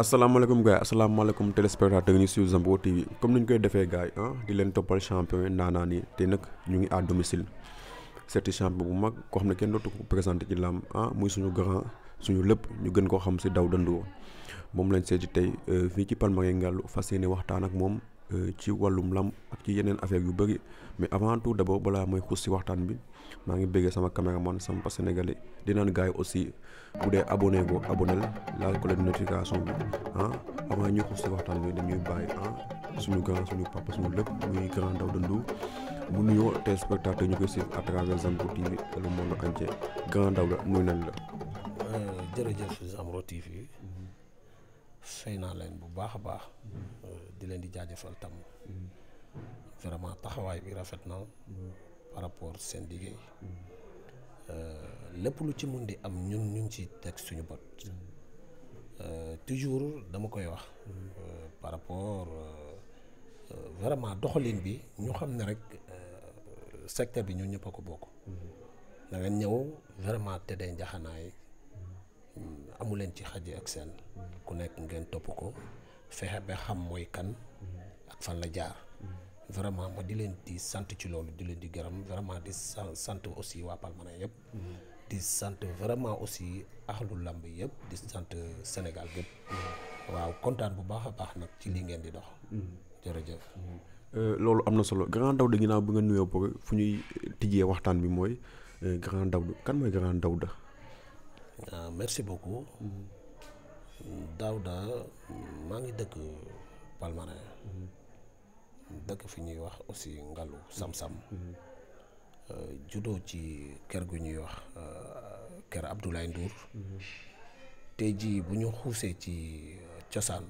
asalaamaaleykum gars yi asalaamaaleykum téléspectateurs ñu suivre Zambro TV comme ni ñu koy defee gars yi ah leen toppal champion ndaanaan yi te nag ñu ngi à domicile seeti champion bu mag koo xam ne kenn dootu ko présenté ci làmb ah muy suñu grand suñu lépp ñu gën koo xam si Daouda Ndour moom lañ seeti tey euh, fii ci Palmarin Ngàllu fas yéene waxtaan ak moom euh, ci wàllum làmb ak ci yeneen affaire yu bëri mais avant tout d'abord balaa mooy xuus si waxtaan bi maa ngi bëggee sama caméraman sama sénégalais di naan gars yi aussi bu dee abonné go abonné laal ko leen notification bi ah avant ñu xus si waxtaan bi dañuy bàyyi ah suñu grand suñu papa suñu lépp muy grand Daouda Ndour mu nuyoo téléspectateur ñu koy suivre à travers Zambro TV et le monde entier grand Daouda nuyu nañ la. Euh, jërëjëf Zambro TV. fay naa leen bu baax a baax. Mm-hmm. Euh, di leen di jaajëfal tam. Mm-hmm. vraiment taxawaay bi rafet na. Mm-hmm. par rapport seen liggéey euh, lépp lu ci mun di am ñun ñu ci teg suñu bot euh, toujours dama koy wax euh, par rapport vraiment doxalin bi ñu xam ne rek secteur bi ñu ñëpp a ko bokk da nga ñëw vraiment tëddee njaxanaay amu leen ci xaji ak seen ku nekk ngeen topp ko fexe ba xam mooy kan ak fan la jaar vraiment ma di len di sante ci loolu di len di gëram vraiment di sante aussi wa Palmarin yëpp. Mm-hmm. di sante vraiment aussi ahlul lamb yëpp di sante Sénégal gépp mm-hmm. waaw contane bu baax baax nak ci li ngeen di dox. Mm-hmm. jërëjëf. Euh, loolu am amna solo grand de ginaaw bu nga nuyo pour fu ñuy tijjee waxtaan bi moy euh, grand daw kan moy grand da ah, merci beaucoup. da ma ngi dëkk Palmarin. dëkk fi ñuy wax aussi ngalu sam-sam mm-hmm. mm-hmm. euh, judo ci ker gu ñuy wax euh, ker Abdoulaye Ndour mm-hmm. tey jii bu ñu xuusee ci euh, cosaan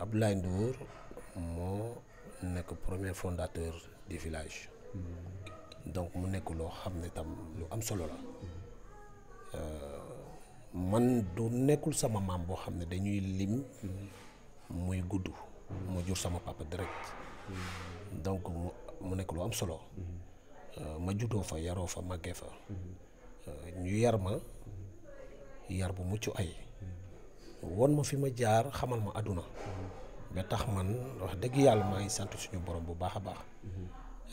Abdoulaye Ndour moo nekk premier fondateur du village donc mu nekk loo xam ne tam lu am solo la man du nekkul sama maam boo xam ne dañuy lim muy gudd mu jur sama papa direct donc mu nekk lu am solo euh, ma juddoo fa yaroo fa màggee fa euh, ñu yar ma yar bu mucc ay won ma fi ma jaar xamal ma àdduna ba tax man wax dëgg yàlla maa ngi sant suñu borom bu baax a baax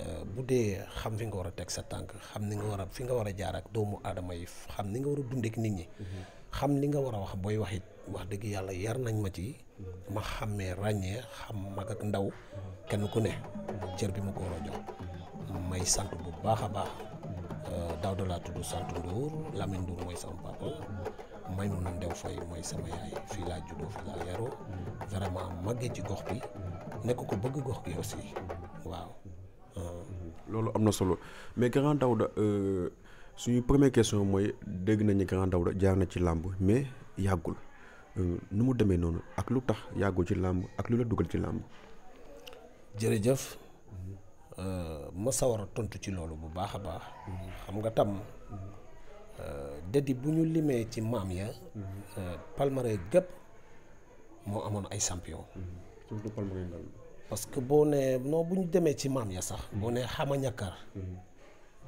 euh, bu dee xam fi nga war a teg sa tànk xam ni nga war a fi nga war a jaar ak doomu aadama yi xam ni nga war a dundeek nit ñi xam li nga war a wax booy waxit wax deug yalla yar nañ ma ci ma xamé ragné xam mag ak ndaw kenn ku ne cër bi mako wara jox may sant bu baaxa baax euh, daw da la tuddu sant Ndour Lamine Ndour moy sama papa may mo a ndew fay moy sama yaay fi la juddoo fi la yaro vraiment magge ci gox bi nekk ko bëgg gox bi aussi waaw. Euh. lolu amna solo mais grand Daouda euh, suñu première question moy dégg nañu grand Daouda jaar na ci lamb mais yagul Euh, nu mu demee noonu ak lu tax yàggul ci làmb ak lu la dugal ci làmb. jërëjëf euh, ma sawar tontu ci loolu bu baax a baax. xam nga tam euh, dëddi bu ñu limee ci maam ya. palmarès gépp moo amoon ay champion. surtout que boo nee non bu ñu demee ci maam ya sax. boo nee xama mhm.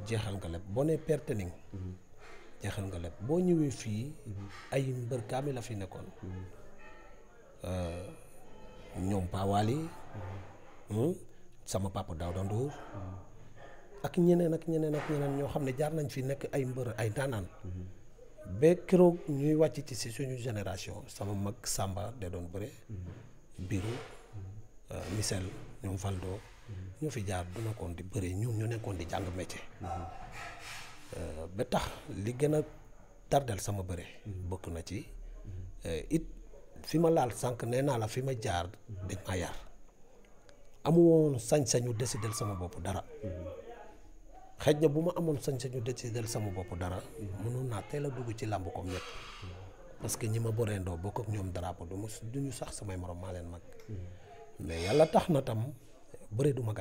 jeexal nga lépp boo ne pertening jeexal nga lépp boo ñëwee fii ay mbër kaami la fi nekkoon euh, ñoom Pawaali hmm, sama papa Daouda Ndour ak ñeneen ak ñeneen ak ñoo xam ne jaar nañ fi nekk ay mbër ay ndaanaan ba keroog ñuy wàcc ci si suñu génération sama mag sàmba da doon bëre biru euh, Michel ñoom Valdo ñoo fi jaar du nekkoon di bëre ñoom ñu nekkoon di jàng métier Euh, ba tax li gën a tardel sama bëre bokk na ci euh, it fi ma laal sànq nee naa la fi ma jaar dañ ma yar amu woon sañ-sañu décidel sama bopp dara xëj na bu ma amoon sañ-sañu décidel sama bopp dara mënoon naa teel a dugg ci làmb comme ñëpp parce que ñi ma boreendoo bokk ak ñoom drapeau du ma ñu sax samay morom maa leen mag mais yàlla tax na tam bëre du ma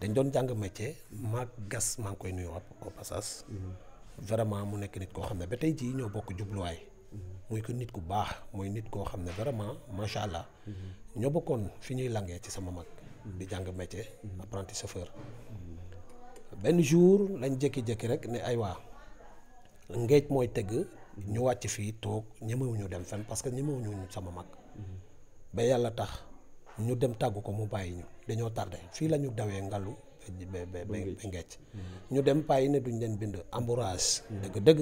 dañ doon jàng métier ma gas maa ngi koy nuyu au passage vraiment mu nekk nit koo xam ne ba tey jii ñoo bokk jubluwaay muy ko nit ku baax muy nit koo xam ne vraiment macha allah ñoo bokkoon fi ñuy langee ci sama mag di jàng métier apprenti chauffeur benn jour lañ jékki-jékki rek ne ay waa ngeej mooy tëgg ñu wàcc fii toog ñemewuñu dem fenn parce que ñemewuñu sama mag ba yàlla tax ñu dem taggu ko mu bayyi ñu dañoo tardé fii la ñu be ngalu be ngecc mm-hmm. ñu dem payi ne duñ leen bind ambourage deug deug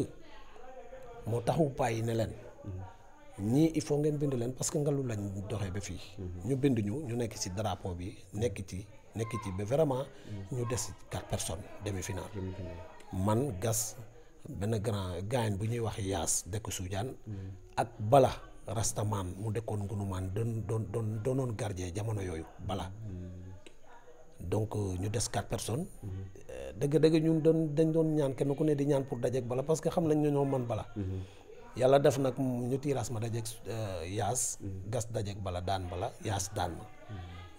mo taxu payi ne leen mm-hmm. ñi il faut ngeen bind leen parce que ngalu lañ doxé be fi mm-hmm. ñu bind ñu ñu nekk ci drapeau bi nekk ci nekk ci be vraiment ñu des quatre personnes demi final. man gas ben grand gain bu ñuy wax yaas dekk Soudiane ak bala rastaman mu dekkoon ngunumaan don don don doonoon gardien jamono yooyu bala donc ñu des quatre personnes dëgg-dëgg eh, ñun don dañ doon ñaan kenn ku ne di ñaan pour dajeeg bala parce que xam nañ ñoo man bala yàlla def nak ñu tiiraas ma dajeeg eh, yaas gas dajek bala dan bala yas dan.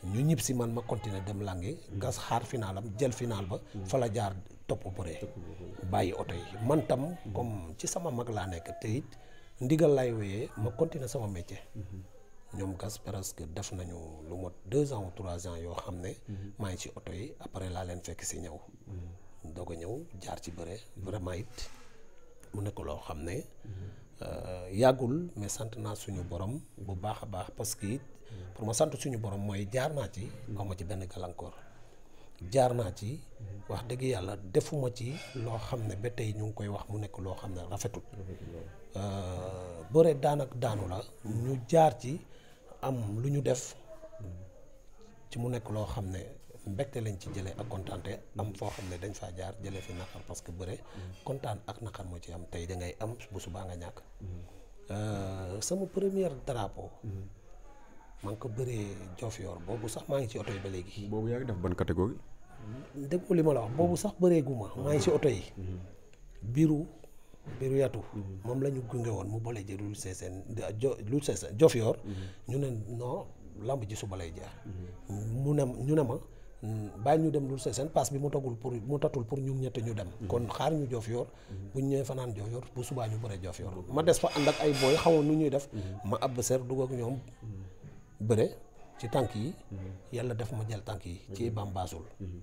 ma ñu ñib si man ma continuer dem langi gas xaar finalam jël final ba fa la jaar topp bëree bàyyi oto yi man tam comme ci sama mag laa nekk te ndigal laay wéyee ma continuer sama métier. Mhm. ñoom gas presque def nañu lu mot deux ans trois ans yoo xam ne. Mhm. maa ngi ci oto yi après laa leen fekk si ñëw. Mhm. doo ko ñëw jaar ci bëre vraiment it mu nekk loo xam ne. Euh, yàggul mais sant naa suñu borom bu baax a baax parce que. pour ma sant suñu borom mooy jaar naa ci. aw ci benn gàllankoor. jaar naa ci mhm. wax dëgg yàlla defuma ci loo xam ne ba tey ñu ngi koy wax mu nekk loo xam ne rafetul euh, bëre daan ak daanu la mhm. ñu jaar ci am lu ñu def mhm. ci mu nekk loo xam ne mbégte lañ ci jëlee ak kontaante am foo xam ne dañ faa jaar jëlee fi naqar parce que bëre kontaan ak naqar moo ci am tey da ngay am bu baa nga ñàkk euh, sama première drapeau maa ko bëree Diofior boobu sax maa ngi ci oto yi ba léegi. boobu yaa ngi def ban catégorie. dégg li ma la wax boobu sax bëree maa ngi ci oto yi. Mhm. biiru biiru yatu. Mhm. moom la ñu gunge woon mu boole ji lu seeseen jo lu seeseen Diofior. Mhm. ñu ne non lamb ji suba lay jaar. mu ne ñu ne ma. bàyyi ñu dem lu seen paas bi mu tagul pour mu tatul pour ñu ñett ñu dem kon xaar ñu joof yor bu ñu ñëwee fanaan joof yor bu subaa ñu bëre joof ma des fa ànd ak ay booy xawoon nu ñuy def ma ab ser dugg ak ñoom bëre ci tànk yi mhm. yàlla def ma jël tànk yi ci mhm. bambaasul mhm.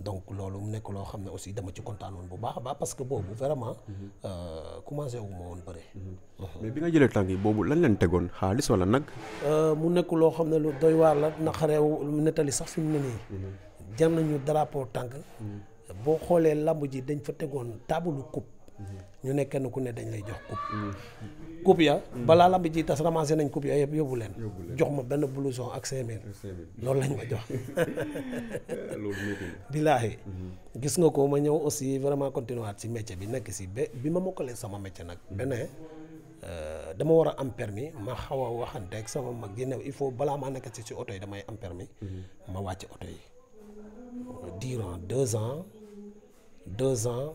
donc loolu mu nekk loo xam ne aussi dama ci kontaanoon bu baax a baax parce que boobu vraiment euh, commencé wu ma woon bëre mais bi nga jëlee tànk yi boobu lan leen tegoon xaalis wala nag euh, mu nekk loo xam ne lu doy waar la naqareew nettali sax fi mu ne nii jar nañu drapeau tànk boo xoolee lamb ji dañ fa tegoon taabulu coupe ñu ne kenn ku ne dañ lay jox coupe mm. coupe ya mm. balaa lamb ji tas ramassé nañ coupe ya yëpp yóbbu leen jox ma benn blouson ak cinq mille loolu lañ ma jox billaahi mm-hmm. gis nga ko ma ñëw aussi vraiment continuer ci métier bi nekk si ba bi ma mokkalee sama métier nag mm-hmm. beneen euh, dama war a am permis ma xaw a waxante ak sama mag yi ne il faut balaa maa nekk si si oto yi damay am permis mm-hmm. ma wàcc oto yi durant deux ans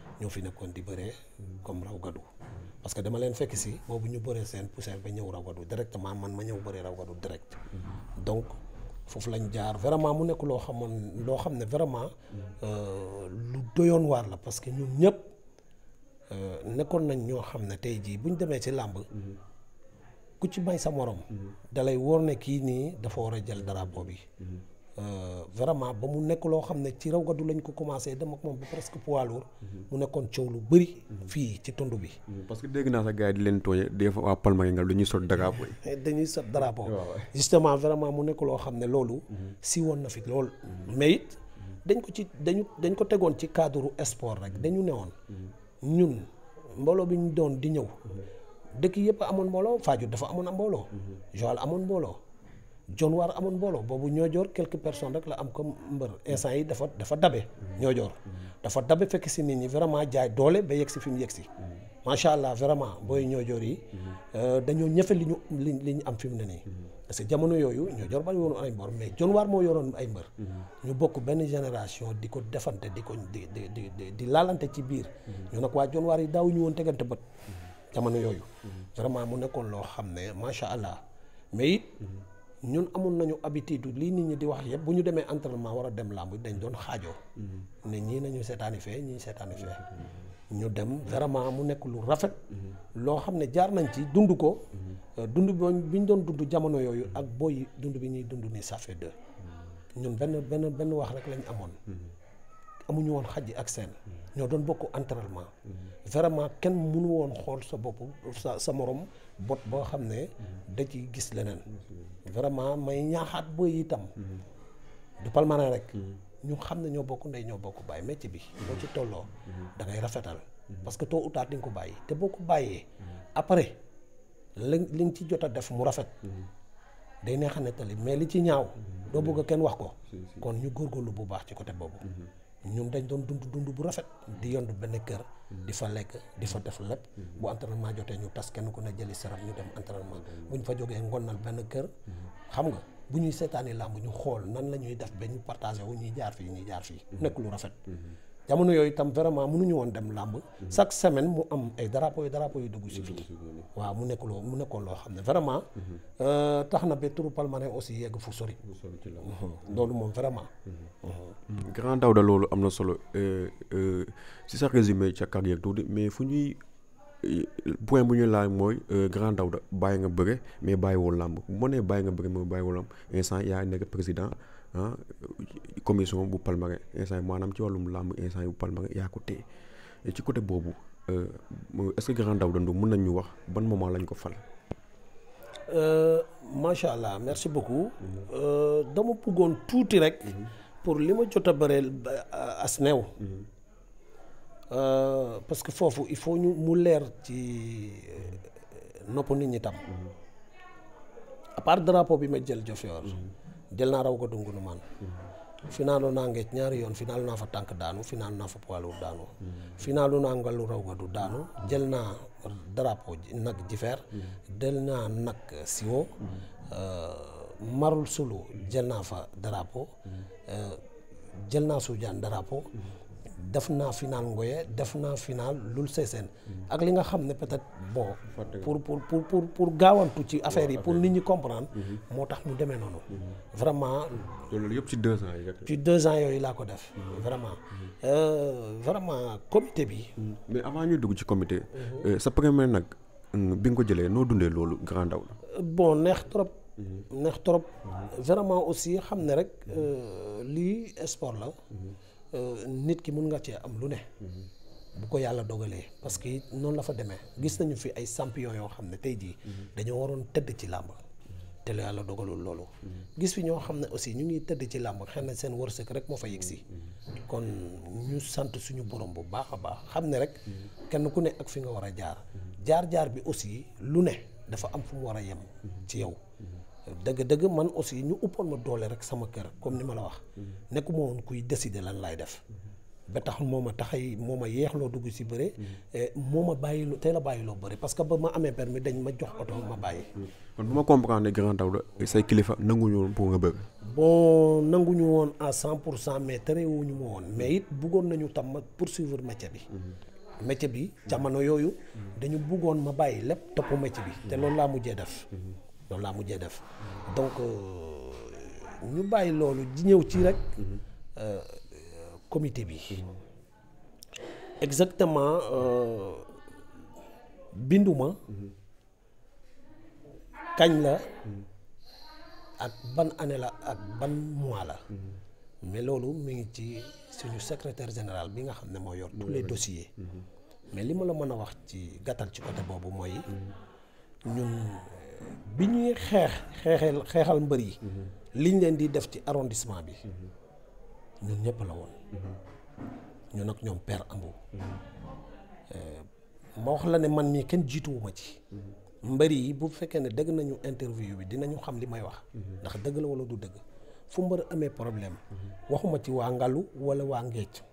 ñoo fi nekkoon di bëree comme raw gadu parce que dama leen fekk si boobu ñu bëree seen poussière ba ñëw raw gadu directement man ma ñëw bëree raw gadu direct donc foofu lañ jaar vraiment mu nekk loo xamoon loo xam ne vraiment euh, lu doyoon waar la parce que ñun ñëpp euh, nekkoon nañ ñoo xam ne tey jii bu ñu demee ci làmb ku ci may sa morom. Mm-hmm. dalay wóor ne kii nii dafa war a jël drapeau bi mm-hmm. Euh, vraiment ba mu nekk loo xam ne ci raw gadu lañ ko commencé dem ak moom ba presque poids lourd mhm. mu nekkoon coow lu bëri. Mhm. fii ci tund bi. Mhm. parce que dégg naa sax gars di leen tooñe des fois waa Palmaringal dañuy sot drapeau yi. dañuy sot drapeau. justement vraiment mu nekk loo xam ne loolu. si woon na fi lool. mais it dañ ko ci dañu dañ ko tegoon ci cadre sport rek dañu newoon. ñun mbooloo bi ñu doon di ñëw. dëkk yëpp amoon mbooloo Fadiouth dafa amoon a mbooloo. Joal amoon mbooloo. John Waar amoon mbooloo boobu ñoo quelques personnes rek la am comme mbeur instant yi dafa dafa dabé ñojor dafa dabé fekk ci nit ñi vraiment jaay doole ba yegg si fi mu yegg si. macha allah vraiment boy ñojor yi. euh dañu li liñu liñu am fi mu ne nii. parce que jamono yoyu ñojor joor bari woon ay mbor mais John Waar moo yoroon ay mbeur ñu bokk ben génération diko ko defante di di di di laalante ci biir. ñu nak wa John Waar yi daawuñu woon tegante bët. jamono yoyu vraiment mu nekkon lo xamné ne macha allah mais ñun amoon nañu habitude lii nit ñi di wax yëpp bu ñu demee entraînement war a dem làmb dañ doon xaajoo mm-hmm. ne ñii nañu seetaani fee ñii seetaani fee ñu dem vraiment mu nekk lu rafet mm-hmm. loo xam ne jaar nañ ci dund ko mm-hmm. euh, dund bi ñu doon dund jamono yooyu ak booy dund bi ñuy dund nii sa fait deux ñun benn benn benn wax rek lañ amoon amuñu woon xaj ak seen ñoo doon bokk entraînement vraiment kenn mënu woon xool sa bopp sa sa morom bot boo xam ne mhm. dañ ci gis leneen vraiment may ñaaxaat booy itam mhm. du palmarin rek mhm. ñu xam ne ñoo bokk ndey ñoo bokk bàyyi métier bi boo ci tolloo da ngay rafetal parce que tôt ou tard ko bàyyi te boo ko bàyyee après li li nga ci jot a def mu rafet day neex a nettali mais li ci ñaaw doo bëgg kenn wax ko kon ñu góorgóorlu bu baax ci côté boobu ñun dañ doon dund dund bu rafet di yondu benn kër di fa lekk di fa def lépp bu entraînement jotee ñu tas kenn ku ne jëli sarab ñu dem entraînement bu ñu fa jógee ngonnal benn kër xam nga bu ñuy seetaani làmb ñu xool nan la ñuy def ba ñu partagé wu ñuy jaar fii ñuy jaar fii nekk lu rafet jamono yooyu itam vraiment mënuñu woon dem làmb chaque semaine mu am ay drapeau yu drapeau yu dugg si fii waaw mu nekk loo mu nekkoon loo xam ne vraiment mhm. euh, tax na ba turu palmarin aussi yegg fu sori mhm. loolu moom vraiment mhm. grand Daouda loolu am na solo euh, euh, ci sax résumé ca carrière tuuti mais fu ñuy point bu ñu laaj mooy grand Daouda bàyyi nga bëre mais bàyyi woo làmb moo ne bàyyi nga bëre mais bàyyi woo làmb instant yaa nekk président ah commission bu Palmarin instant maanaam ci wàllum làmb instant bu Palmarin yaa ko téye ci côté boobu euh, est-ce que grand Daouda Ndoum mun nañ ñu wax ban moment lañ ko fal. Euh, macha allah merci beaucoup. Mm-hmm. Euh, dama bëggoon tuuti rek. Mm-hmm. pour li ma jot a bëreel as mm-hmm. parce que foofu il faut ñu mu leer ci nopp nit ñi tam. à part bi ma jël Diofior jël naa raw gàddu ngunu maan. finaalu naa ngeej ñaari yoon finaalu naa fa tànk daanu finaalu naa fa poilu daanu. finaalu naa ngalu raw gàddu daanu jël naa drapeau nag jifeer. jël naa nag siwo. Euh, marul jël naa fa drapeau. Euh, jël naa suujaan drapeau. def naa final Ngoye def naa final Loul Sessène mm. ak li nga xam ne peut-être bon pour pour pour pour pour gaawantu ci affaire yi pour nit ñi comprendre mm-hmm. moo tax mu demee noonu mm-hmm. vraiment loolu yëpp ci deux ans yi ci deux ans yooyu laa ko def mm-hmm. vraiment euh, vraiment comité bi mais avant ñu dugg ci comité euh, sa premier nag mm, bi nga ko jëlee noo dundee loolu grand ndaw la euh, bon neex trop neex trop vraiment aussi xam ne rek lii sport la Euh, nit ki mun nga cee am lu ne. Mhm. bu ko yàlla dogalee parce que noonu la fa demee gis nañu fi ay champion yoo xam ne tey jii. Mhm. dañoo waroon tëdd ci làmb. Mhm. te lu yàlla dogalul loolu. gis fi ñoo xam ne aussi ñu ngi tëdd ci làmb xëy na seen wërsëg rek moo fa yegg si. kon ñu sant suñu borom bu baax a baax xam ne rek. kenn ku ne ak fi nga war a jaar. jaar jaar bi aussi lu ne dafa am fu mu war a yem. ci yow. dëgg-dëgg man aussi ñu uppoon ma doole rek sama kër comme ni ma la wax nekkuma woon kuy décider lan laay def ba taxul moo ma ay moo ma yeexloo dugg si bëre moo ma bàyyiloo teel a bàyyiloo bëre parce que ba ma amee permis dañ ma jox oto ma bàyyi kon ma comprendre grand daw la say kilifa nanguñu woon pour nga bëgg bon nanguñu woon à cent pour cent mais terewuñu ma woon mais it buggoon nañu tam ma poursuivre métier bi métier bi jamono yooyu dañu buggoon ma bàyyi lépp topp métier bi te loolu laa mujjee def loolu laa mujjee def donc euh, ñu bàyyi loolu di ñëw ci rek mhm. euh, comité bi exactement euh, binduma kañ la ak ban année la ak ban mois la mhm. mais loolu mi ngi ci suñu secrétaire général bi nga xam ne moo yor tous les dossiers mhm. mais li ma la mën a wax ci gàttal ci côté boobu mooy ñun bi ñuy xeex xeexeel xeexal mbër yi mhm. liñ leen di def ci arrondissement bi mhm. ñun ñépp la woon mhm. ñoo nag ñoom père ambu euh, ma wax la ne man mii kenn jiituwuma ci mbër yi bu fekkee ne dëgg nañu interview bi dina ñu xam li may wax ndax dëgg la wala du dëgg fu mbër amee problème waxuma ci waa ngalu wala waa ngeec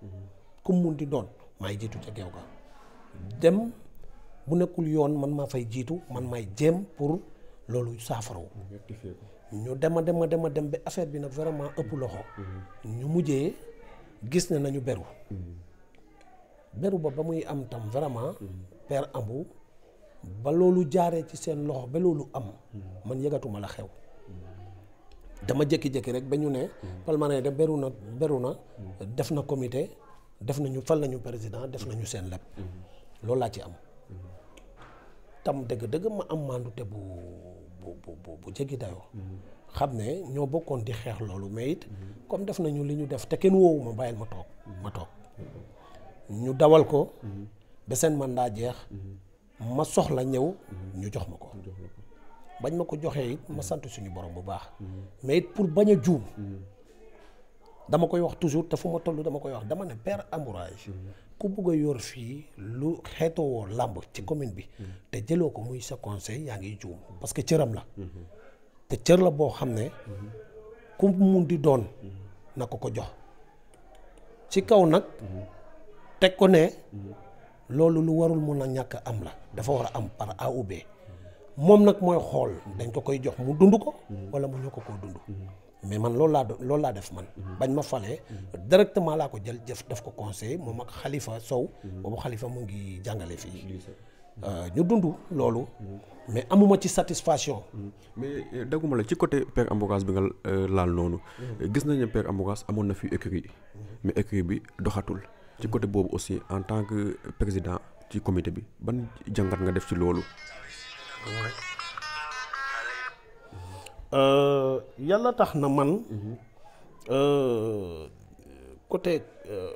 ku mun di doon maay jiitu ca geew ga dem bu nekkul yoon man maa fay jiitu man maay jéem pour loolu saafarawu ñu dema dema dema dem ba affaire bi nag vraiment ëpp loxo mm-hmm. ñu mujjee gis ne nañu beru mm-hmm. beru ba ba muy am tam vraiment mm-hmm. per ambu ba loolu jaaree ci seen loxo ba loolu am man yëgatuma la xew dama jékki-jékki rek ba ñu ne Palmarin de beru na beru na def na comité def nañu fal nañu président def nañu seen lépp loolu laa ci am tam dëgg-dëgg ma am maandu te bu bu bu jéggi dayoo. xam ne ñoo bokkoon di xeex loolu mais it comme def nañu li ñu def te kenn woowu ma bàyyil ma toog ma toog ñu dawal ko ba man mandat jeex ma soxla ñëw ñu jox ma ko bañ ma ko joxee it ma sant suñu borom bu baax mais it pour bañ a juum dama koy wax toujours te fu ma toll dama koy wax dama ne père amourage ku bugg a yor fii lu xeetowoo làmb ci commune bi mm-hmm. te jëloo ko muy sa conseil yaa ngi juum parce que cëram la mm-hmm. te cër la boo xam ne mm-hmm. ku mu di doon na ko ko jox ci kaw nag teg ko ne loolu lu warul mun a ñàkk am la dafa war a am par A ou moom nag mooy xool dañ ko koy jox mu dund ko wala mu ñu ko koo dund mais man loolu laa loolu laa def man. Mhm. bañ ma falee. directement laa ko jël jëf def ko conseil moom ak xalifa Sow. Mhm. boobu xalifa mu ngi jàngale fii. Euh, ñu dund loolu. Mhm. mais amuma ci satisfaction. mais euh, daguma la ci côté Père Ambroise bi nga euh, laal noonu. gis nañu ne Père Ambroise amoon na fi écurie mais écurie bi doxatul. ci côté boobu aussi en tant que président ci comité bi ban jàngat nga def ci loolu. Euh, yalla tax na man euh, côté euh,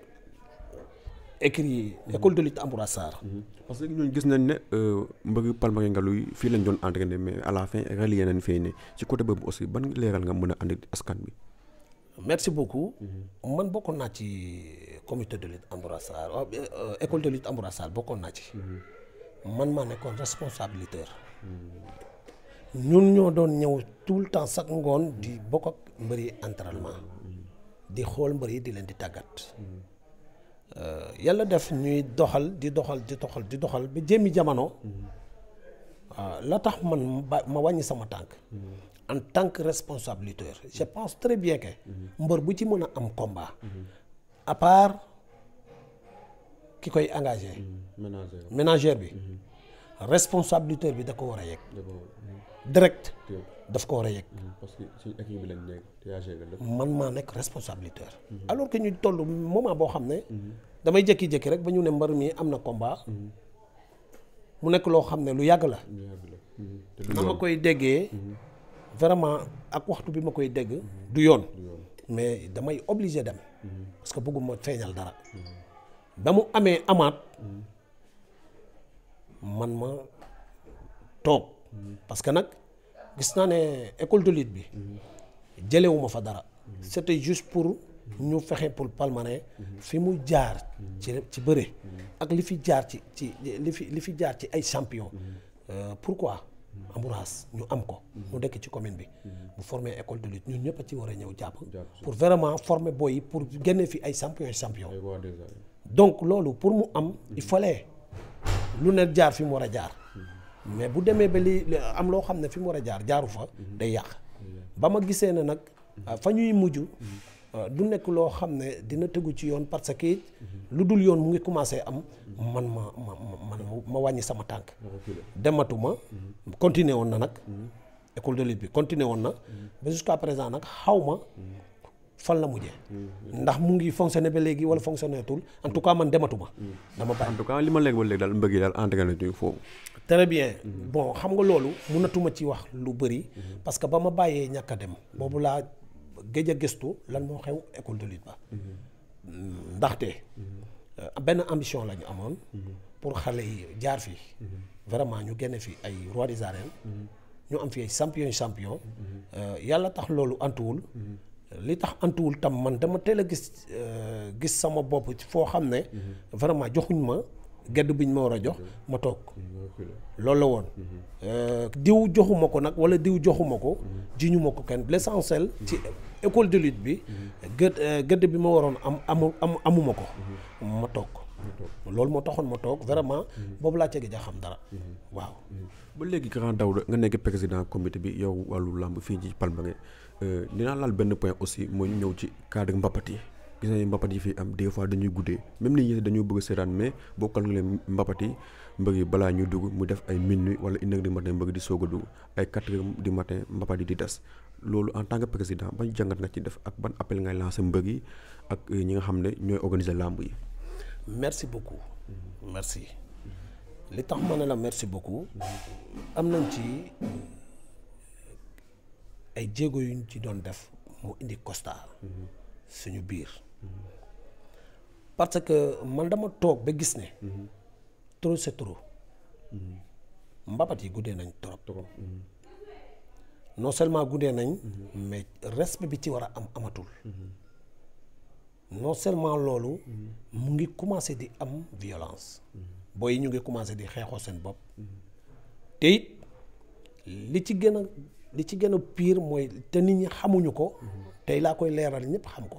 écrit école de lutte Ambroise Sarr parce que ñu gis nañ ne mbëgg Palmarin Ngalouy fi lañ doon entraîner mais à la fin relié nañ fee ne ci côté boobu aussi ban léral nga mëna andi askan bi merci beaucoup man bokkoon naa ci comité de lutte Ambroise Sarr école de lutte Ambroise Sarr bokkoon naa ci mhm. man maa nekkoon responsabiliteur ñun ñoo doon ñëw tout le temps chaque ngoon di bokk ak entraînement di xool mbër di leen di tàggat euh, yàlla def ñuy doxal di doxal di doxal di doxal ba jëmmi jamono euh, la tax man ma wàññi sama tànk en tant que responsabilité je pense très bien que mbër bu ci mën am combat à part ki koy engagé ménagère bi responsabilité bi da ko war a direct daf ko war a yegg. Mm, ci équipe bi man maa nekk responsabilité. Mm-hmm. alors que ñu toll moment boo xam ne. Mm-hmm. damay jékki-jékki rek ba ñu ne mbar mi am na combat. Mm-hmm. mu nekk loo xam ne lu yàgg la. na ma koy déggee. vraiment ak waxtu bi ma koy dégg. du yoon. mais damay obligé dem. parce que bëgguma feeñal dara. ba amee amaat. man ma toog. parce que nous gis une école de lutte bi fa dara c'était juste pour nous faire pour palmané fi mu jaar ci ci béré ak li fi jaar ci ci li fi li fi champion euh, pourquoi Nous ñu am ko mu sommes ci commune bi former école de lutte ñun ñëpp ci pour vraiment former boy pour gagner fi ay champion champion donc pour nous, il fallait lu ne jaar fi mu mais bu demee ba li am loo xam ne fi mu war a jaar jaaru fa day yàq ba ma gisee ne nag fa ñuy mujj du nekk loo xam ne dina tegu ci yoon parce que yi lu dul yoon mu ngi commencé am man ma ma ma wàññi sama tànk dematuma continuer woon na nag école de lutte bi continuer woon na ba jusqu'à présent nag ma fan la mujjee ndax mu ngi fonctionné ba léegi wala fonctionné tul en tout cas man dematuma dama bàyyi en tout cas li ma léegi ba léegi daal mbëgg yi daal entraîné ñu foofu très bien bon xam nga loolu mënatuma ci wax lu bëri parce que ba ma bàyyee ñàkk a dem boobu laa géej a gëstu lan moo xew école de lutte ba ndaxte euh, benn ambition la amoon pour xale yi jaar fi vraiment ñu génne fi ay roi des arènes ñu am fi ay champion champion euh, yàlla tax loolu antuwul li tax antuwul tam man dama teel a gis euh, gis sama bopp foo xam ne vraiment joxuñ ma gedd bi ñu ma war a jox mm-hmm. ma toog mm-hmm. loolu la woon mm-hmm. euh, diw joxuma ko nag wala diw joxuma ko jiñu ma ko kenn l'essentiel ci école de lutte bi gëdd euh, gëdd bi ma waroon am amu am amuma ko ma toog loolu moo taxoon ma toog vraiment boobu laa cege ja xam dara waaw ba léegi grand Daouda nga nekk président comité bi yow wàllu làmb fii ci ni euh, dinaa laal benn point aussi mooy ñëw ci cadre mbapat yi gis nañu mbapati fi am des fois dañuy goudé même ni ñi dañoo bëgg sétan mais bokkal nga leen mbapati mbëgg bala ñu dugg mu def ay minuit wala une heure du matin mbëgg di sogo dugg ay 4 heures du matin mbapati di dess lolu en tant que président ban jangat nga ci def ak ban appel ngay lancer mbëgg yi ak ñi nga xamné ñoy organiser lamb yi merci beaucoup merci li tax ma la merci beaucoup am nañ ci ay djégo yuñ ci doon def mu indi constat suñu biir Hmm. parce que man dama toog ba gis ne. Hmm. trop c'est hmm. mbapat yi guddee nañ trop. non seulement guddee nañ. mais respect bi ci war a am amatul. non seulement loolu. mu ngi commencé di am violence. booy yi ñu ngi commencé di xeexoo seen bopp. te li ci gën a li ci gën a pire mooy te nit ñi xamuñu ko. tey laa koy leeral ñëpp xam ko.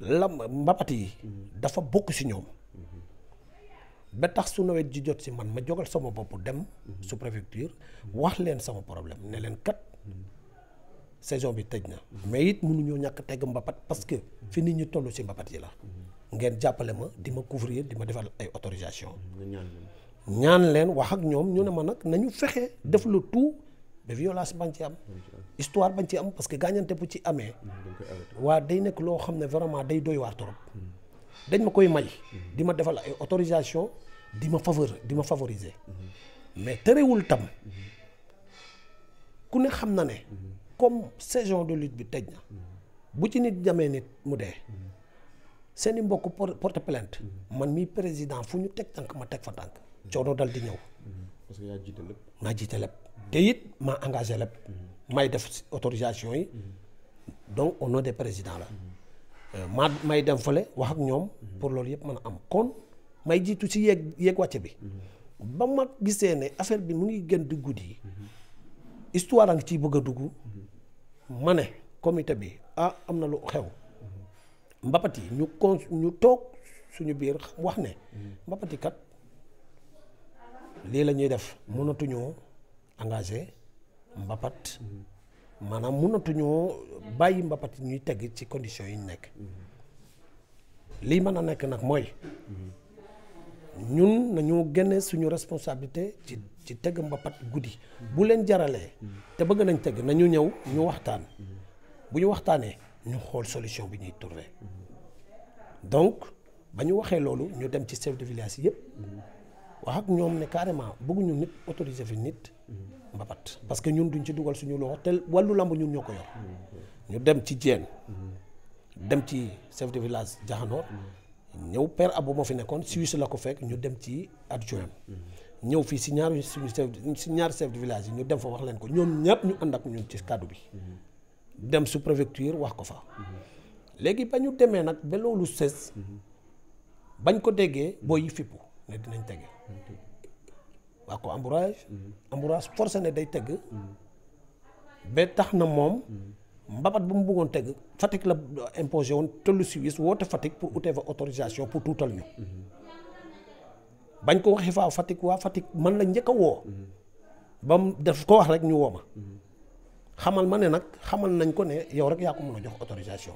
lam mbapat yi dafa bokk si ñoom ba tax su nawet ji jot si man ma jogal sama bopp dem sous préfecture wax leen sama problème ne leen kat saison bi teg na mais it mënuñoo ñàkk tegg mbapat parce que fi nit ñi toll si mbapat yi la ngeen jàppale ma di ma couvrir di ma defal ay autorisation ñaan leen wax ak ñoom ñu ne ma nag nañu fexee def la tout mais violence bañ ci am histoire bañ ci am parce que gaañante bu ci amee waa day nekk loo xam ne vraiment day doy waar torop dañ ma koy may di ma defal ay autorisation di ma faveur di ma favoriser mais terewul tam ku ne xam na ne comme saison de lutte bi tëj na bu ci nit jamee nit mu dee seen i mbokk porte plainte man mi président fu ñu teg tànk ma teg fa tànk coono dal di ñëw parce que yaa naa jiite lépp te it ma engagé lépp may def autorisation yi donc au nom des la euh, maa may dem fole wax ak ñoom pour loolu yëpp mën a am kon may jiitu ci yeeg yeeg wàcce bi ba ma gisee ne affaire bi mu ngi gën di guddi histoire a ngi ciy bëgg a dugg ma ne comité bi ah am na lu xew mbapat yi ñu kon ñu toog suñu biir wax ne mbapat lii la ñuy def mënatuñoo engagé mbapat maanaam mënatuñoo bàyyi mbapat yi ñuy teg ci conditions yi ñu nekk lii mën a nekk nag mooy ñun nañoo génne suñu responsabilité ci ci teg mbapat guddi bu leen jaralee te bëgg nañ teg nañu ñëw ñu waxtaan bu ñu waxtaanee ñu xool solution bi ñuy trouvé donc ba ñu waxee loolu ñu dem ci chef de village yëpp wax ak ñoom ne carrément bëgguñu nit autoriser fi nit mbapat parce que ñun duñ ci dugal suñu loxo te wàllu lamb ñun ñoo ko yor ñu dem ci Dieng dem ci chef de village Diakhanor ñëw père Abou moo fi nekkoon Suisse la ko fekk ñu dem ci adjoint ñëw fii si ñaar suñu chef si ñaar chef de village yi ñu dem fa wax leen ko ñoom ñëpp ñu ànd ak ñun ci kàddu bi dem sous wax ko fa léegi ba ñu demee nag ba loolu sës bañ ko déggee booy fippu ne dinañ tege waa ko Ambourage mm-hmm. Ambourage forcé ne day tëgg mm-hmm. ba tax na moom mm-hmm. mbabat bu mu buggoon teg Fatick la imposé woon tollu Suisse woote Fatick pour utee fa autorisation pour tuutal ñu bañ ko waxee faa Fatick waa Fatick man la njëkk a woo ba mu def ko wax rek ñu woo ma xamal ma ne nag xamal nañ ko ne yow rek yaa ko mën a jox autorisation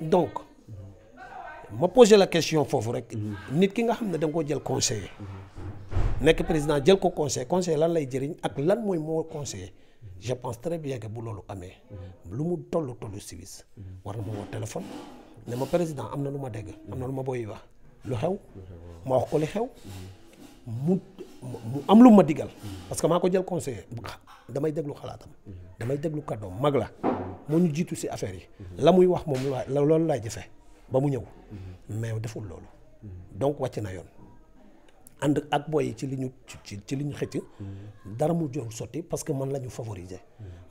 donc ma posé la question foofu rek nit ki nga xam ne da nga ko jël conseiller nek président jël ko conseil conseil lan lay jëriñ ak lan moy mo conseiller je pense très bien que bu lolu amé lu mu tollu tollu Suisse war na ma téléphone né mo président amna luma dégg amna luma lu wax lu xew mo wax ko li xew mu am lu ma digal parce que mako ko jël conseiller damay déglu xalaatam damay déglu cadeau mag la moo ñu jiitu affaire yi la muy wax mom lolu laay jëfé ba mu ñëw mais deful lolu donc wàcc na yoon and ak boy ci liñu ci ci liñu xëc dara mu jox soti parce que man lañu favoriser.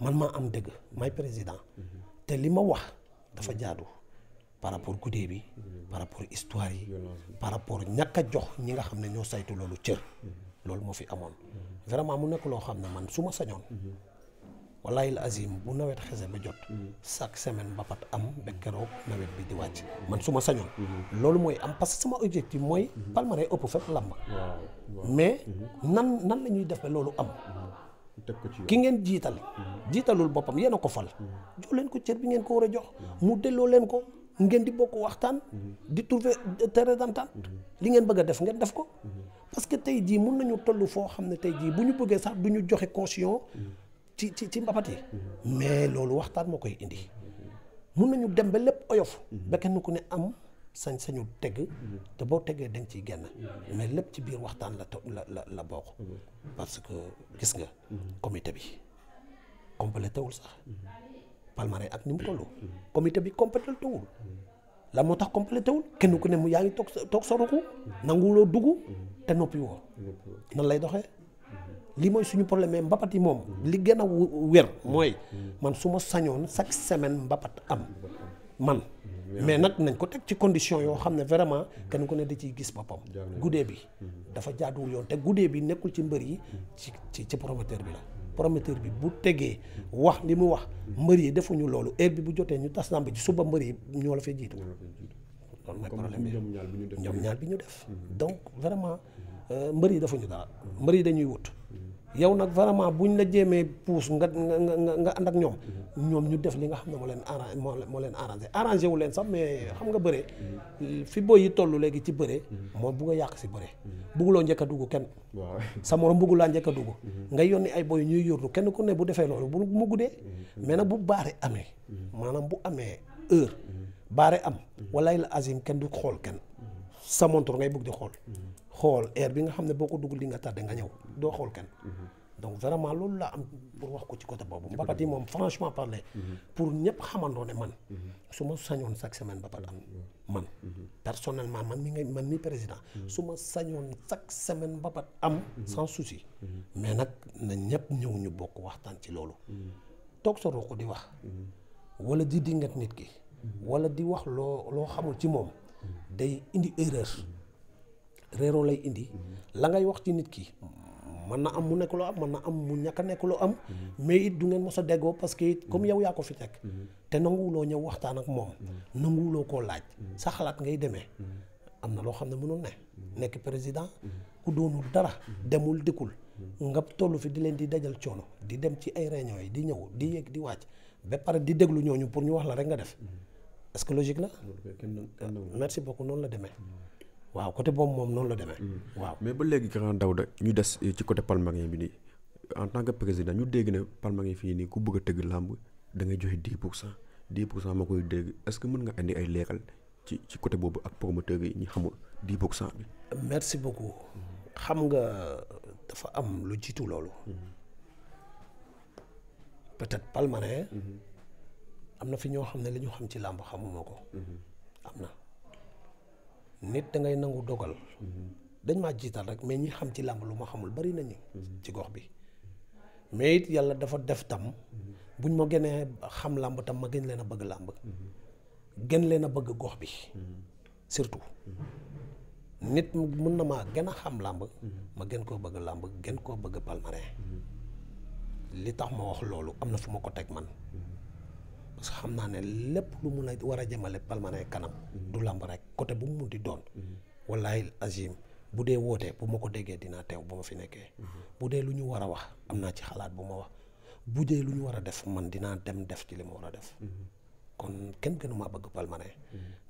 man ma am deug may président. té li ma wax dafa jaadu. par rapport goudé bi. par rapport histoire yi. par rapport ñaka jox ñi nga xam ne saytu lolu cër. lolu mo fi amone vraiment mu nekk lo xamné man suma ma walaayil azim bu nawet xese ba jot mm. chaque semaine mbapat am ba keroog nawet bi di wàcc man su ma sañoon mm-hmm. loolu mooy am parce que sama objectif mooy mm-hmm. palmarin ëpp fépp làmb mais mm-hmm. nan nan la ñuy def ba loolu am ki ngeen jiital jiitalul boppam yéen ko fal jox leen ko cër bi ngeen ko war a jox mu delloo leen ko ngeen di bokk waxtaan di trouver terrain d'entente li ngeen bëgg a def ngeen def ko parce que tey jii mun nañu toll foo xam ne tey jii bu ñu bëggee sax du ñu joxe caution ci ci ci mbapat mais loolu waxtaan moo koy indi mun nañu dem ba lépp oyof ba kenn ku ne am sañ sañu tegg te boo tegee dang ci ciy génn mais lépp ci biir waxtaan la la la la bokk parce que gis nga comité bi complété wul sax palmarin ak ni mu toll comité bi complété wul la moo tax complété wul kenn ku ne mu yaa ngi toog toog sa ruku nanguwuloo dugg te noppi woo nan lay doxee lii mooy suñu problème mais mbapat yi moom li gën a wér mooy man su ma sañoon chaque semaine mbapat am man mais nag nañ ko teg ci condition yoo xam ne vraiment kenn ku ne da ciy gis boppam guddee bi dafa jaaduwul yoon te guddee bi nekkul ci mbër yi ci ci ci promoteur bi la promoteur bi bu tegee wax li mu wax mbër yi defuñu loolu heure bi bu jotee ñu tas làmb ci suba mbër yi ñoo la fay jiitu loolu mooy problème bi ñoom ñaar bi ñu def mm-hmm. donc vraiment euh, mbër yi defuñu dara mbër yi dañuy wut yow nag vraiment buñ la jéemee puus nga nga nga nga ànd ak ñoom ñoom ñu def li nga xam ne moo leen arrangé moo leen arrangé arrangé wu leen sax mais xam nga bëre fi boy yi tollu léegi ci bëre moom bu nga yàq si bëre bugguloo njëkk a dugg kenn sa morom buggu laa njëkk a dugg nga yónni ay boy ñuy yóorlu kenn ku ne bu defee loolu bu mu guddee mais nag bu baare amee maanaam bu amee heure baare am walaay la azim kenn du xool kenn sa montor ngay bugg di xool xool air bi nga xam ne boo ko dugg li nga tardé nga ñëw doo xool kenn mhm. donc vraiment loolu laa am pour wax ko ci côté boobu mbapat yi moom franchement parler mhm. pour ñëpp xamandoo ne man mhm. su ma sañoon chaque semaine mbapat am man personnellement man mi nga man mi président su ma sañoon chaque semaine mbapat am sans souci mais nag na ñëpp ñëw ñu bokk waxtaan ci loolu toog sa ko di wax wala di dingat nit ki wala di wax loo loo xamul ci moom day indi erreur réeroo lay indi la ngay wax ci nit ki mën na am mu nekk loo am mën na am mu ñàkk a nekk loo am mais it du ngeen mos a déggoo parce que it comme yow yaa ko fi teg te nanguwuloo ñëw waxtaan ak moom nanguwuloo koo laaj sa xalaat ngay demee am na loo xam ne mënul ne nekk président ku doonul dara demul dikkul nga tollu fi di leen di dajal coono di dem ci ay réunions yi di ñëw di yéeg di wàcc ba pare di déglu ñooñu pour ñu wax la rek nga def est-ce que logique na merci beaucoup noonu la demee waaw côté boobu moom noonu la demee. Hmm. waaw mais ba léegi grand Daouda ñu des eh, ci côté palmarin bi nii en tant que président ñu dégg ne palmarin fii nii ku bëgg a tëgg làmb dangay joxe 10 pour cent 10 pour cent ma koy dégg est-ce que mën nga andi ay leeral ci ci côté boobu ak promoteur yi ñu xamul 10 pour cent bi. merci beaucoup xam nga dafa am lu jiitu loolu. Hmm. peut-être palmarin. Hmm. am na fi ñoo xam ne li ñu xam ci làmb xamuma ko. am na. nit da ngay nangu dogal. dañ maa jiital rek mais ñi xam ci làmb lu ma xamul bari nañu. ci gox bi mais it yàlla dafa def tam. buñ ma gënee xam làmb tam ma gën leen a bëgg làmb. gën leen a bëgg gox bi. surtout nit mën na ma gën a xam làmb. ma gën koo bëgg làmb gën koo bëgg palmarin. li tax ma wax loolu am na fu ma ko teg man. parce que xam naa ne lépp lu mun a war a jëmale Palmarin kanam du lamb rek côté bu mu mu di doon wallahi azim bu dee wootee bu ma ko déggee dinaa teew bu ma fi nekkee bu dee lu ñu war a wax am naa ci xalaat bu ma wax bu dee lu ñu war a def man dinaa dem def ci li ma war a def kon kenn gënu maa bëgg Palmarin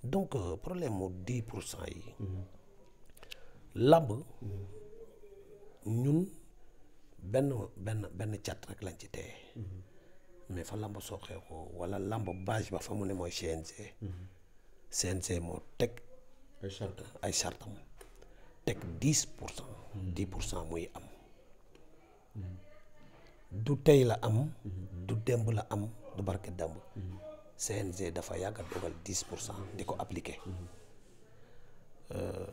donc euh, problème mu dix pour cent yi lamb ñun benn benn benn cat rek lañ ci teye mais fa soxee ko wala lambo base ba fa mu ne mooy CNG. CNG moo teg. ay chartam hmm. pour cent. muy am. du la am. Hmm. du la am du barke hmm. dafa dogal pour cent di appliqué. Euh,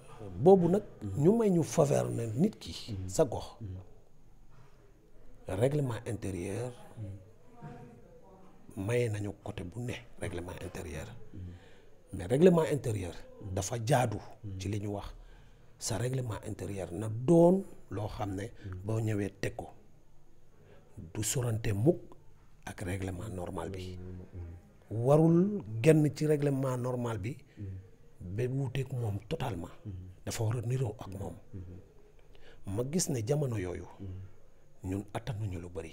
ñu may ñu nit règlement intérieur. maye nañu côté bu ne règlement intérieur mais règlement intérieur dafa jaadu ci li ñu wax sa réglement intérieur na doon loo xam ne boo ñëwee teg ko du sorante mukk ak règlement normal bi warul genn ci règlement normal bi ba wuuteeg moom totalement dafa war a niroo ak moom ma gis ne jamono yooyu ñun attanuñu lu bari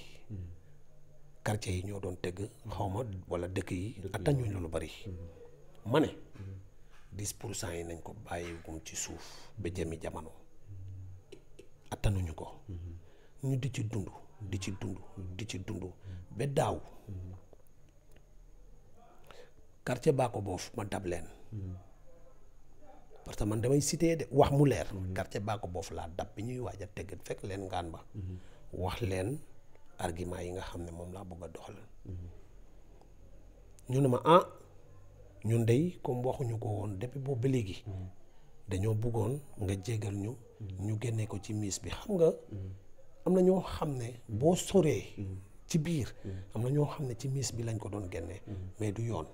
quartier yi ñoo doon tëgg xawma wala dëkk yi attañuñ ñu lu bari mm-hmm. ma ne mm-hmm. dix pour cent yi nañ ko bàyyiwum ci suuf ba jëmi jamono ñu ko mm-hmm. ñu di ci dund di ci dund di ci dund ba daaw quartier ko bof ma dab leen parce que man damay cité de wax mu leer quartier ko laa dab bi ñuy waaj a tëgg fekk leen ngaan ba wax leen argument yi nga xam ne moom laa bëgg a doxal ñu ne ma ah ñun dey comme waxuñu ko woon depuis boobu ba léegi dañoo bëggoon nga jégal ñu ñu génnee ko ci miis bi xam nga am na ñoo xam ne boo soree ci biir am na ñoo xam ne ci miis bi lañ ko doon génnee mais du yoon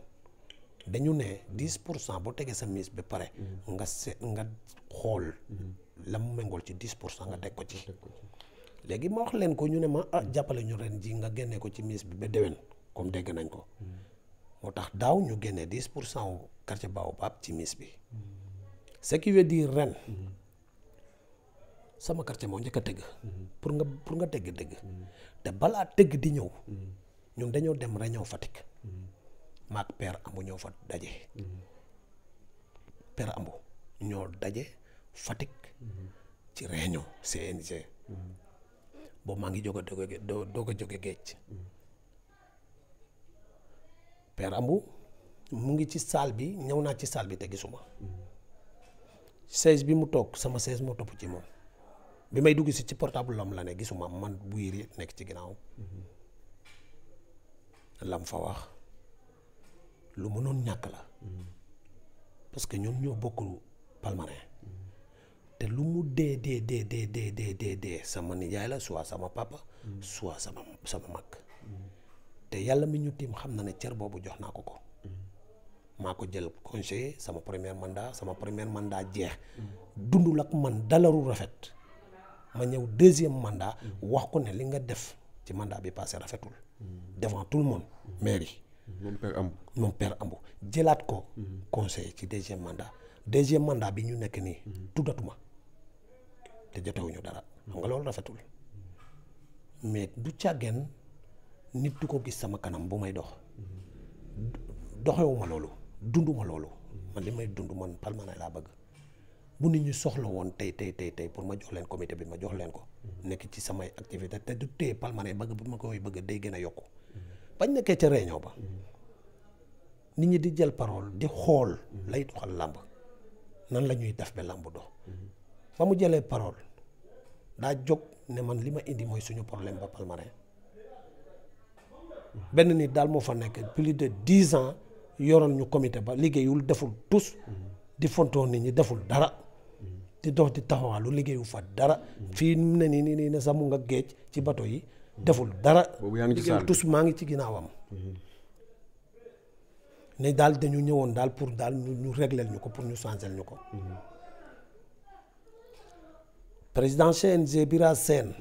dañu ne dix pour cent boo tegee sa miis ba pare nga se nga xool la mu ci dix pour cent nga teg ko ci lagi ma wax len ko ñu ne ma ah jàppale ñu ren ji nga génne ko ci miis bi be dewen comme dégg nañ ko motax daw ñu 10 quartier ci bi ce qui veut dire ren sama quartier mo ñëk tegg pour nga pour nga tegg dëgg te bala tegg di ñëw ñun dañu dem réunion fatik mak père amu ñoo fa daje per amu ñoo daje fatik ci réunion CNG bo ma ngi jogo a doge joge gej jóge salbi, mu ngi ci salle bi ñewna ci salle bi te gisuma seize bi mu tok sama seize mo top ci mom bi may dugg si ci portable lam la ne gisuma man bu yir nek ci ginaaw lam fa wax lu non ñak la parce que ñoom ñoo bokku palmarin te lu de de de de de de de de sama nijaay la soit sama papa soit sama sama mak. te yàlla mi ñu tim xam na ne cër boobu jox naa ko Mako jël sama premier mandat sama premier mandat jeex dundul ak man dalaru rafet ma ñëw deuxième mandat wax ko ne li nga def ci mandat bi passé rafetul devant tout le monde maire yi moom père ambu Mon père ambu jëlaat ko conseiller ci deuxième mandat deuxième mandat bi ñu nekk nii tuddatuma te jotewuñu dara xam nga loolu rafetul mais du càggeen nit du ko gis sama kanam bu may dox doxewuma loolu dunduma loolu man li may dund man palmaanaay laa bëgg bu nit ñi soxla woon tey tey tey tey pour ma jox leen comité bi ma jox leen ko nekk ci samay activité te du téye palmaanaay bëgg bu ma koy bëgg day gën a yokk bañ nekkee ca réunion ba nit ñi di jël parole di xool lay doxal làmb nan la ñuy def ba làmb dox ba mu jëlee parole daa jóg ne man li ma indi mooy suñu problème ba Palmarin benn nit daal moo fa nekk plus de dix ans yoral ñu comité ba liggéeyul deful tus di fontoo nit ñi deful dara di dox di taxawaalu liggéeyu fa dara fii ne na ni nii ne sax mu nga géej ci bato yi deful dara liggéeyul tus maa ngi ci ginnaawam ne daal dañu ñëwoon daal pour daal ñu régleel ñu ko pour ñu changer ñu ko président CNG Bira Sène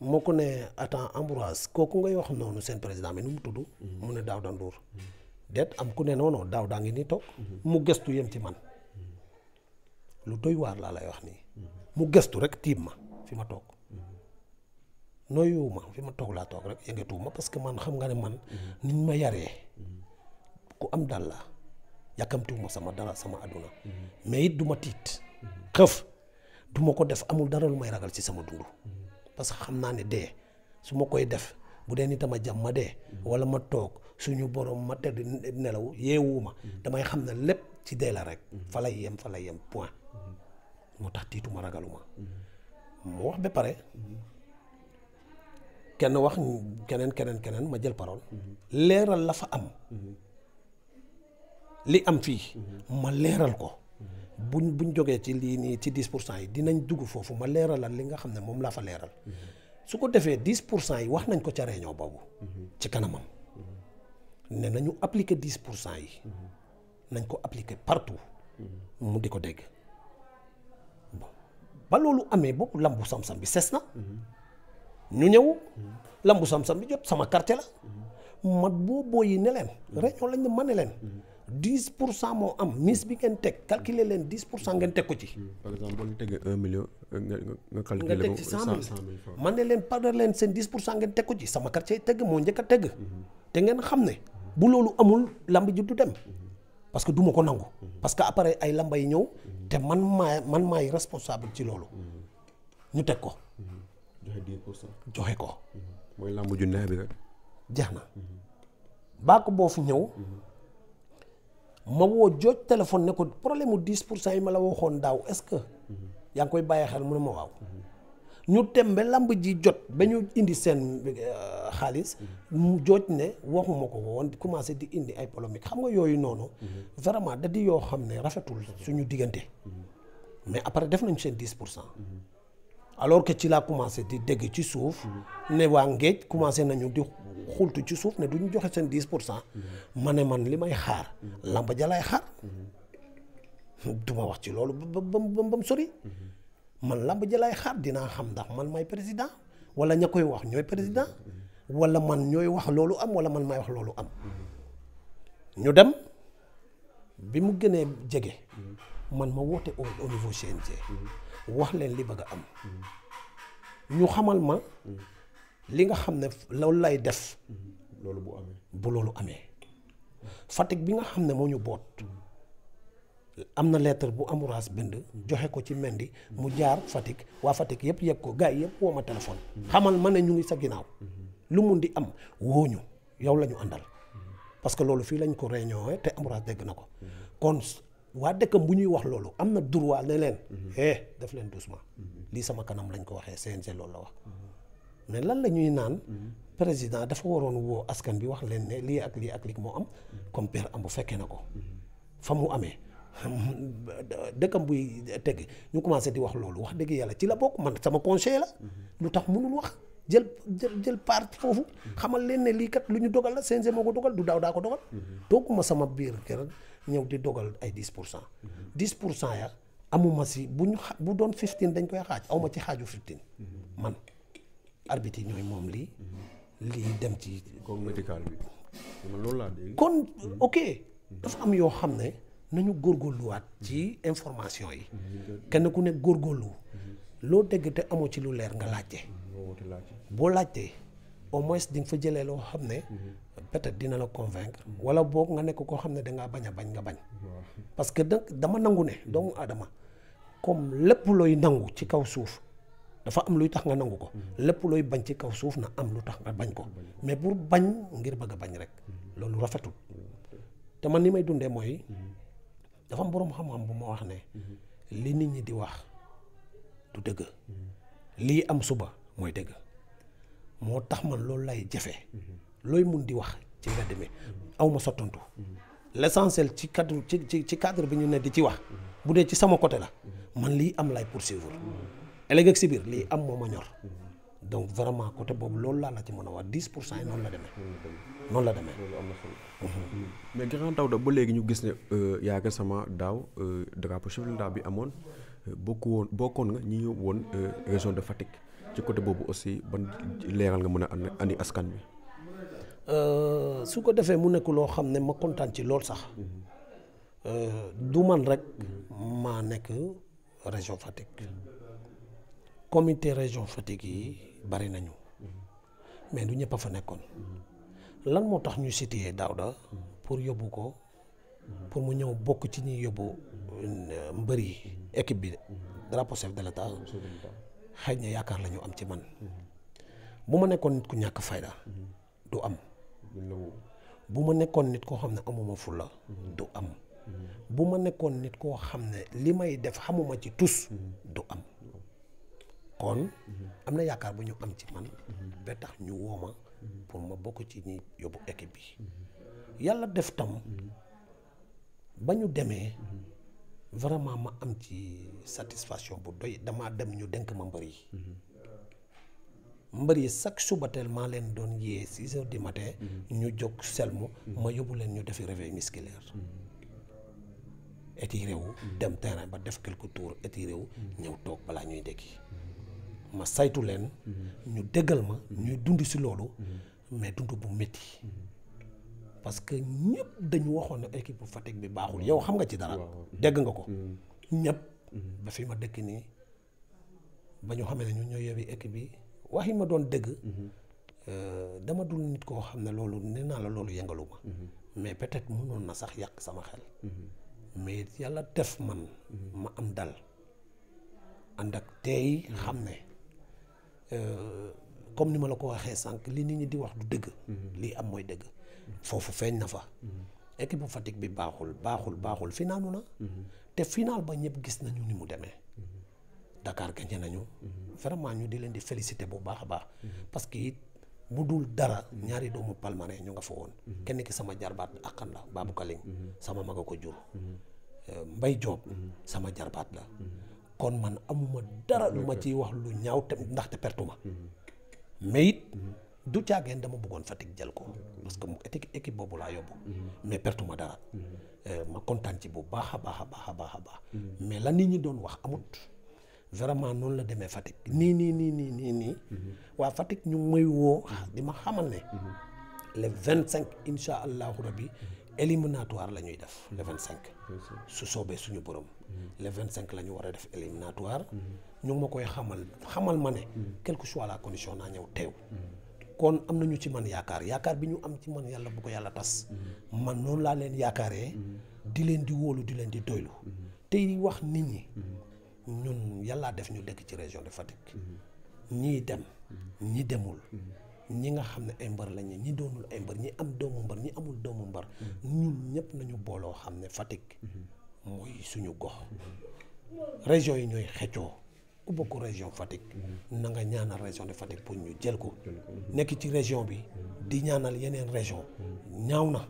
moo ko ne attends Ambroise kooku ngay wax noonu seen président bi nu mu tudd mu ne Daouda Ndour déet am ku ne noonu daaw daa ngi nii toog mu gëstu yem ci man lu doy waar laa lay wax nii mu gëstu rek tiim ma fi ma toog nooyuwu fi ma toog laa toog rek yëngatuwu ma parce que man xam nga ne man niñ ma yaree ku am dal la ma sama dara sama àdduna mais it du tiit xëf du ma ko def amul dara lu may ragal ci sama dundu parce que xam naa ne dee su ma koy def bu dee ni tama jam ma dee wala ma toog suñu borom ma tedd nelaw yeewuma damay xam ne lépp ci dee la rek fa yem fa yem point moo tax ma ragaluma wax ba pare kenn wax keneen keneen keneen ma jël parole leeral la fa am li am fii ma leeral ko buñ buñ jogee ci lii nii ci 10 pour cent yi dinañ dugg foofu ma leeralal li nga xam ne moom laa fa leeral. Mhm. su ko defee 10 pour cent yi wax nañ ko ca réunion boobu. Mhm. ci kanamam. Mhm. ne nañu appliquer 10 pour cent yi. nañ ko appliquer partout. mu di ko dégg. ba loolu amee boobu lambu sam-sam bi ses na. ñu ñëw. lambu sam-sam bi jot sama quartier la. man boo yi ne leen. réunion lañ ne ne leen. dix pour cent moo am mise bi ngeen teg calculer leen dix pour cent ngeen teg ko ci. Hmm, par exemple boo leen tegee man ne leen pare leen seen dix pour cent ngeen teg ko ci sama quartier teg moo njëkk a teg. Hmm. te ngeen xam ne bu loolu amul lamb ji du dem. Hmm. parce que duma ko nangu. parce que après ay lamba yi ñëw. te man maay man maay responsable ci loolu. ñu teg ko. joxe joxe ko. mooy lamb ju neex bi rek. jeex na. baako boofu ñëw. ma woo jooj téléphone ne ko problème mu 10 pour cent yi ma la waxoon daaw est-ce que yaa ngi koy bàyyi xel mu ne ma waaw ñu dem ba lamb ji jot ba ñu indi seen euh, xaalis mu jooj ne waxuma ko woon commencé di indi ay polomique xam nga yooyu noonu vraiment da di yoo xam ne rafetul suñu diggante mais après def nañ seen 10 pour cent alors que ci laa commencé di dégg ci suuf ne waa Ngéej commencé nañu di xultu ci suuf ne du ñu joxe seen dix pour cent ma ne man li may xaar làmb jalaay xaar duma wax ci loolu ba ba mu sori man làmb jalaay xaar dinaa xam ndax man may président wala ña koy wax ñooy président wala man ñooy wax loolu am wala man may wax loolu am ñu dem bi mu gënee jege man ma woote au niveau c wax leen li bëgg a am ñu xamal ma li nga xam ne loolu lay def. loolu bu bu loolu amee. Fatick bi nga xam ne moo ñu boot. am na lettre bu Amouraas bind joxe ko ci Mendy mu jaar Fatick waa Fatick yëpp yëg ko gars yi yëpp woo ma téléphone. xamal ma ne ñu ngi sa ginnaaw. lu mun di am wooñu yow lañu àndal. parce que loolu fii lañ ko réunion te Amouraas dégg na ko. kon waa dëkkam bu ñuy wax loolu am na droit ne leen. Mhm. eh def leen doucement. lii sama kanam lañ ko waxee CNG loolu la wax. mais lan la ñuy naan mhm. président dafa waroon woo askan bi wax leen ne lii ak lii ak lii moo am mhm. comme père am bu fekkee na ko mhm. fa mu amee dëkkam buy teg ñu commencé di wax loolu wax dëgg yàlla ci la bokk man sama conseil la lu tax mënul wax jël jël part foofu xamal leen ne lii kat lu ñu dogal la CNG moo ko dogal du daaw daa ko dogal tooguma sama biir kër ñëw di dogal ay 10 pour cent 10 pour cent ya amuma si bu ñu xa bu doon 15 dañ koy xaaj awma ci xaaju 15 man arbitre yi ñooy moom lii. Mm-hmm. lii dem ci. comme médical bi. kon mm-hmm. ok mm-hmm. dafa am yoo xam ne nañu góor góorgóorluwaat ci information yi. kenn ku nekk góorgóorlu. loo dégg te amoo ci lu leer nga laajte. boo laajtee au moins di nga fa jëlee loo xam ne. peut-être dina la convaincre. wala boog nga nekk koo xam ne dangaa bañ a bañ nga bañ. parce que dama nangu ne doomu aadama comme lépp looy nangu ci kaw suuf. dafa am luy tax nga nangu ko mm-hmm. lépp looy bañ ci kaw suuf na am lu tax nga bañ ko mais pour bañ ngir bëgg a bañ rek mm-hmm. loolu rafetul te man ni may dundee mooy mm-hmm. dafa am borom xam-xam bu ma wax ne li nit ñi di wax du dëgg lii am suba mooy dëgg moo tax man loolu lay jafe looy mun di wax ci nga demee aw ma sottantu l'essentiel ci cadre ci cadre bi ñu ne di ci wax bu dee ci sama côté la man li am lay poursuivre ëllëg ak si biir lii am moo ma ñor donc vraiment côté boobu loolu laa la ci mën a wax 10 pour cent yi noonu la demee. noonu la demee mhm. mais grand Daouda ba léegi ñu gis ne euh, yaa ngi sama daaw euh, drapeau chef de l'État bi amoon euh, bokku woon bokkoon nga ñi ñëw woon région de Fatick ci côté boobu aussi ba leeral nga mën a andi askan bi su ko defee mu nekk loo xam ne ma kontaan ci lool sax mhm. du man rek maa nekk région Fatick. comité région Fatick yi bari nañu mais du ñëpp a fa nekkoon lan moo tax ñu cité Daouda pour yóbbu ko pour mu ñëw bokk ci ñi yóbbu euh, mbër yi équipe bi drapeau chef de l'État xëy na yaakaar la am ci man bu ma nekkoon nit ku ñàkk fayda du am bu ma nekkoon nit koo xam ne amuma fulla du am bu ma nekkoon nit koo xam ne li may def xamuma ci tus du am kon mhm. am na yaakaar bu ñu am ci man mhm. ba tax ñu woo ma mhm. pour ma bokk ci ñi yóbbu équipe bi yàlla def tam ba ñu demee vraiment ma am ci satisfaction bu doy damaa dem ñu denk ma mbër yi mbër yi chaque suba teel maa leen doon yee six heures du matin ñu jóg selmo ma yóbbu leen ñu defi réveil musculaire étiré wu dem terrain ba def quelques tours étiré wu ñëw toog balaa ñuy dekki ma saytu leen ñu dëggal ma ñuy dund si loolu mais tuntu bu métti parce que ñëpp dañu waxoon ne équipe bu bi baaxul yow xam nga ci dara dégg nga ko mm. ñëpp mm. ba ma dëkk nii ba ñu xamee ne ñoo yewi équipe bi wax ma doon dégg mm-hmm. euh, dama nit koo xam ne loolu nee naa la loolu yëngalu ma mm-hmm. mais peut-être mënoon na sax yàq sama xel mm-hmm. mais yàlla def man ma am dal ànd ak tey xam ne Euh, comme ni ma la ko waxee sànq li nit ñi di wax du dëgg. Mm-hmm. lii am mooy dëgg. foofu feeñ na fa. Mm-hmm. équipe bu Fatick bi baaxul baaxul baaxul finaalu na. Mm-hmm. te final ba ñëpp gis nañu ni mu demee. Dakar gagné nañu. vraiment ñu di leen di féliciter bu baax a baax. parce que it bu dul dara. ñaari doomu palmarin ñu nga fa woon. kenn ki sama jarbaat akkan la Babou Kaling. sama mag a ko jur. Euh, Mbaye Diop. sama jarbaat la. kon man amuma dara lu ma ciy wax lu ñaaw te ndaxte pertu ma mhm. mais it mhm. du caageen dama bëggoon Fatick jël ko parce que équipe boobu laa yóbbu mhm. mais pertu ma dara euh, ma kontaan ci bu baax a baax a baax a baax a baax mais la nit ñi doon wax amut vraiment noonu la demee Fatick nii nii nii nii nii nii waa Fatick ñu may woo di ma xamal ne le vingt cinq incha allahu rabi éliminatoire la ñuy def le vingt cinq su soobee suñu borom Mm-hmm. le vingt cinq la ñu war a def éliminatoire mm-hmm. ñu ma koy xamal xamal ma ne mm-hmm. quelque soit la condition naa ñëw teew kon am na ñu ci man yaakaar yaakaar bi ñu am ci man yàlla bu ko yàlla tas man noonu laa leen yaakaaree di leen di wóolu di leen di doylu tey wax nit ñi ñun yàllaa def ñu dekk ci région de Fatick ñii dem ñi demul ñi nga xam ne ay mbër lañ ñi doonul ay mbër ñi am doomu mbër ñi amul doomu mbër ñun ñëpp nañu booloo xam ne Fatick mooy suñu gox région yi ñooy xeccoo ku bokk région Fatick na nga ñaanal région de Fatick pour ñu jël ko nekk ci région bi di ñaanal yeneen région ñaaw na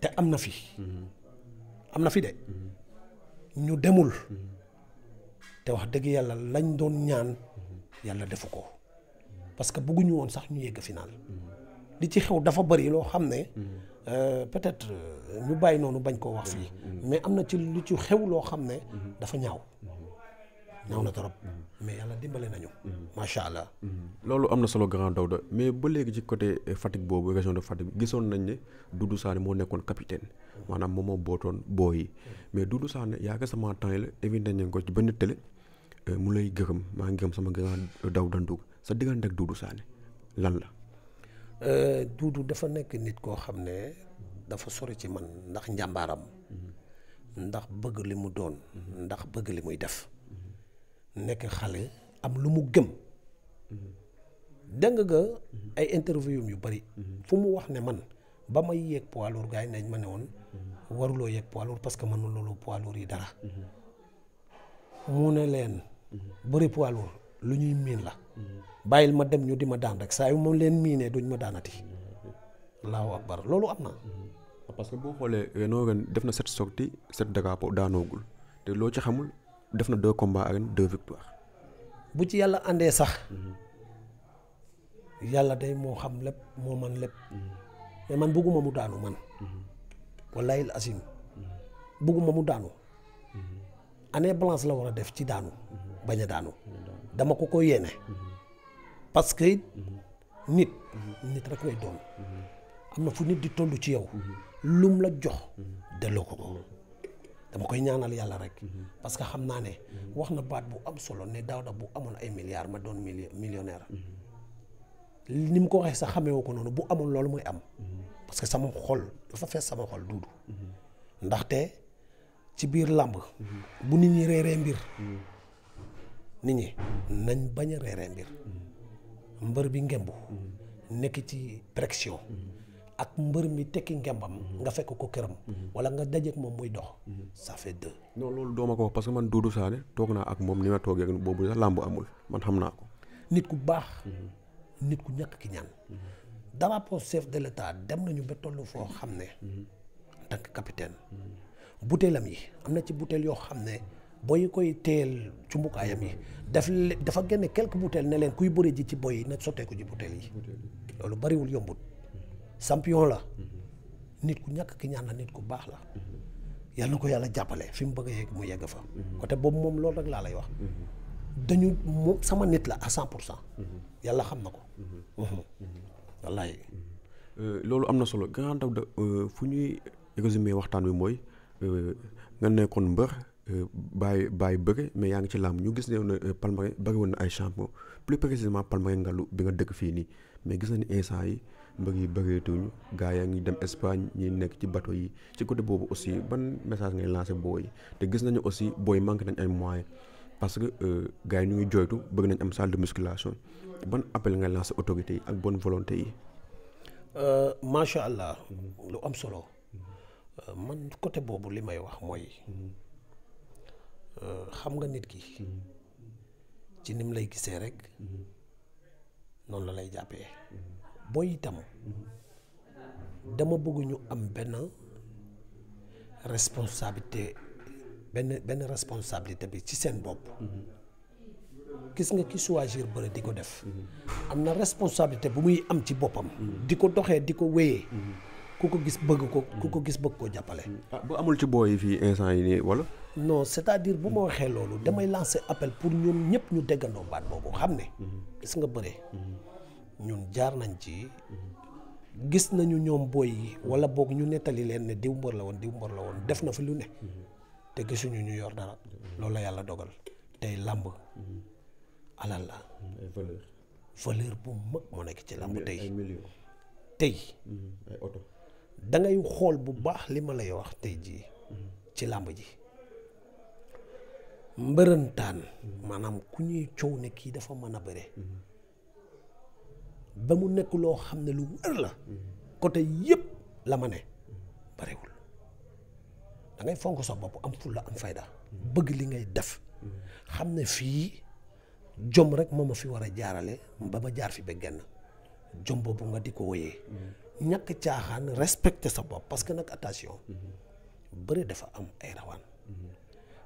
te am na fi am na fi de ñu demul te wax dëgg yàlla lañ doon ñaan yàlla defu ko parce que bëgguñu woon sax ñu yegg final li ci xew dafa bari loo xam ne Euh, peut-être euh, ñu bàyyi noonu bañ koo wax fii mais am na ci lu ci xew loo xam ne dafa ñaaw ñaaw na trop mais yàlla dimbale nañu macha allah loolu am na solo grand Daouda mais ba léegi ci côté Fatick boobu région de Fatick gisoon nañ ne Doudou Sané moo nekkoon capitaine maanaam moom moo bootoon boo yi mais Doudou Sané yaaga sama temps yi la évité nañ ko ci benn télé euh, mu lay gërëm maa ngi gërëm sama grand Daouda Ndour sa diggante ak Doudou Sané lan la Euh, Doudou dafa nekk nit koo xam ne dafa sori ci man ndax njàmbaaram mhm. ndax bëgg li mu doon mhm. ndax bëgg li muy def nekk xale am lu mu gëm mhm. dégg nga ay interview yu bari fu mu wax ne man ba may yéeg poids lourd gars yi nañ ma ne woon waruloo yéeg poids lourd parce que mënuloo poids lourd yi dara mu ne leen bëri poids lu ñuy miin la mm-hmm. bàyyil ma dem ñu di ma daan rek saa moom leen miinee duñ ma daanati mm-hmm. allahu akbar loolu am na mm-hmm. parce que boo xoolee Renault ren def na set sorties set drapeaux daanoogul te loo ci xamul def na deux combats ren deux victoires bu ci yàlla àndee sax yàlla day moo xam lépp moo man lépp mais man bëgguma mu daanu man wallahi asim bëgguma mu daanu année blanche la war a def ci daanu bañ a daanu dama ko ko yéene parce que nit nit rek ngay doon am na fu nit di toll ci yow lum la jox delloo ko ko dama koy ñaanal yàlla rekk parce que xam naa ne wax na baat bu am solo ne Daouda bu amoon ay milliards ma doon mili millionnaire ni mu ko waxee sa xamewoo ko noonu bu amoon loolu mooy am parce que sama xol dafa fees sama xol duudu ndaxte ci biir làmb bu nit ñi reeree mbir nit ñi nañ bañ a reeree mbir mbër bi ngembu nekk ci pression ak mbër mi tekki ngembam nga fekk ko këram wala nga dajeek moom muy dox ça fedd deux non loolu dooma ko wax parce que man Doudou Sané toog naa ak moom ni ma toogee ak boobu sax làmb amul man xam naa ko nit ku baax mhm. nit ku ñakk ki ñaan mhm. drapeau chef de l'état dem nañu ba tollu foo xam ne mhm. en tant buteelam yi am na ci buteel yoo xam ne boy koy teel cumbukaayam yi daf dafa génne quelques bouteilles ne leen kuy bëri ji ci boy yi nag sottee ci bouteilles yi loolu bariwul yombut champion la nit ku ñàkk ki ñaan la nit ku baax la yàlla ko yàlla jàppale fi mu bëgg a yegg mu yegg fa côté boobu moom loolu rek laa lay wax dañu moom sama nit la à cent pour cent yàlla xam na ko wallaay euh, loolu am na solo grand Daouda euh, fu ñuy résumer waxtaan wi mooy euh, nga nekkoon mbër Euh, bàyyi bàyyi bëre mais yaa ngi ci làmb ñu gis ne ne euh, Palmarin bëri woon na ay champion plus précisément Palmarin ngalu bi nga dëkk fii nii mais gis nañu instant yi mbër yi bëreetuñu gars yaa ngi dem Espagne ñi nekk ci bateau yi ci côté boobu aussi ban message ngay lancé booy te gis nañu aussi booy manqué nañ ay moyens parce que euh, gars yi ñu ngi jooytu bëgg nañ am salle de musculation ban appel ngay lancé autorités yi ak bonne volonté yi. macha allah solo man côté boobu li may wax mooy. Mm-hmm. xam nga nit ki ci nim lay gisee rek noonu la lay jàppee booy itam dama bëgg ñu am benn responsabilité benn benn responsabilité bi ci seen bopp gis nga ki choisir bëre di ko def am na responsabilité bu muy am ci boppam di ko doxee di ko wéyee ku ko gis bëgg ko ku ko gis bëgg koo jàppale. Ah, bu amul ci booy yi fii instant yi nii wala. non c'est-à-dire bu ma waxee loolu damay lancer appel pour ñoom ñëpp ñu déggandoo baat boobu xam ne. gis nga bëre. ñun jaar nañ ci. gis nañu ñoom booy yi wala boog ñu nettali leen ne diw la woon diw la woon def na fi lu ne. te gisuñu ñu yor dara. loolu la yàlla dogal. tey làmb. alal la. valeur valeur bu mag moo nekk ci làmb tey. ay tey. Mm-hmm. da ngay xool bu baax li ma lay wax tey jii ci làmb ji mbërantaan maanaam ku ñuy coow ne kii dafa mën a bëre ba mu nekk loo xam ne lu wër la côté yëpp la ma ne barewul da fonk sa bopp am fulla am fayda bëgg li ngay def xam ne fii jom rek moo ma fi war a jaarale ba ma jaar fi ba genn jom boobu nga di ko wéyee ñàkk caaxaan respecté sa bopp parce que nag attention bëri dafa am ay rawaan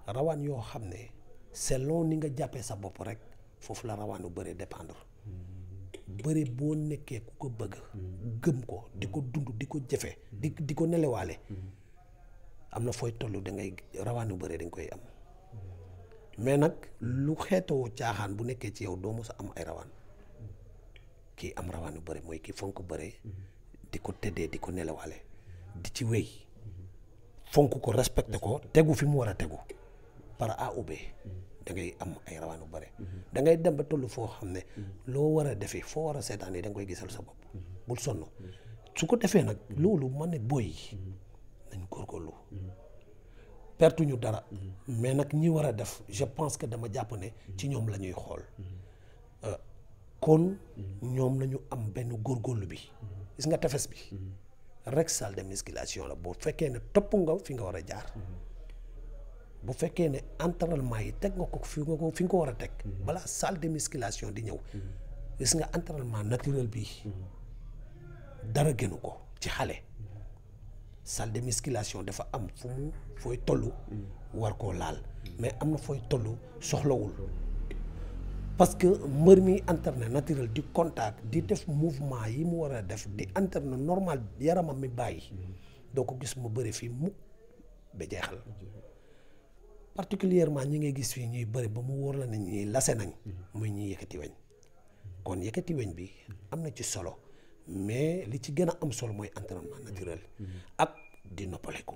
rawaan yoo xam ne selon ni nga jàppee sa bopp rek foofu la rawaanu bëri dépendre bëri boo nekkee ku ko bëgg gëm ko di ko dund di ko jëfe di di ko nelewaale am na fooy toll da ngay rawaanu bëri dañ koy am mais nag lu xeetoo caaxaan bu nekkee ci yow doo mos a am ay rawaan kii am rawaanu bëri mooy kii ko bëre di ko tëddee di ko nelawale di ci wéy fonk ko respecté ko tegu fi mu war a tegu par A ou B da ngay am ay rawaan bu bare da ngay dem ba toll foo xam ne loo war a defee foo war a seetaanee da nga koy gisal sa bopp bul sonn su ko defee nag loolu ma ne boy nañ góorgóorlu perte ñu dara mais nag ñi war a def je pense que dama jàpp ne ci ñoom la ñuy xool euh, kon ñoom nañu am benn góorgóorlu bi gis nga tefes bi rek salle de musculation la bu fekkee ne topp nga fi nga war a jaar bu fekkee ne entraînement yi teg nga ko fi nga ko fi nga ko war a teg balaa salle de musculation di ñëw gis nga entraînement naturel bi dara gënu ko ci xale salle de musculation dafa am fu mu fooy toll war koo laal mais am na fooy toll soxlawul parce que mbër mi entraîné naturel di contact di def mouvement yi mu war a def di entraîné normal yaramam mi bàyyi hmm. doo ko gis mu bëri fii mukk ba jeexal particulièrement ñi ngay gis fii ñuy bëri ba mu wóor la ne ñuy lase nañ hmm. muy ñuy yëkkati weñ kon yëkkati weñ bi am na ci solo mais li ci gën a am solo mooy entraînement naturel hmm. ak di ko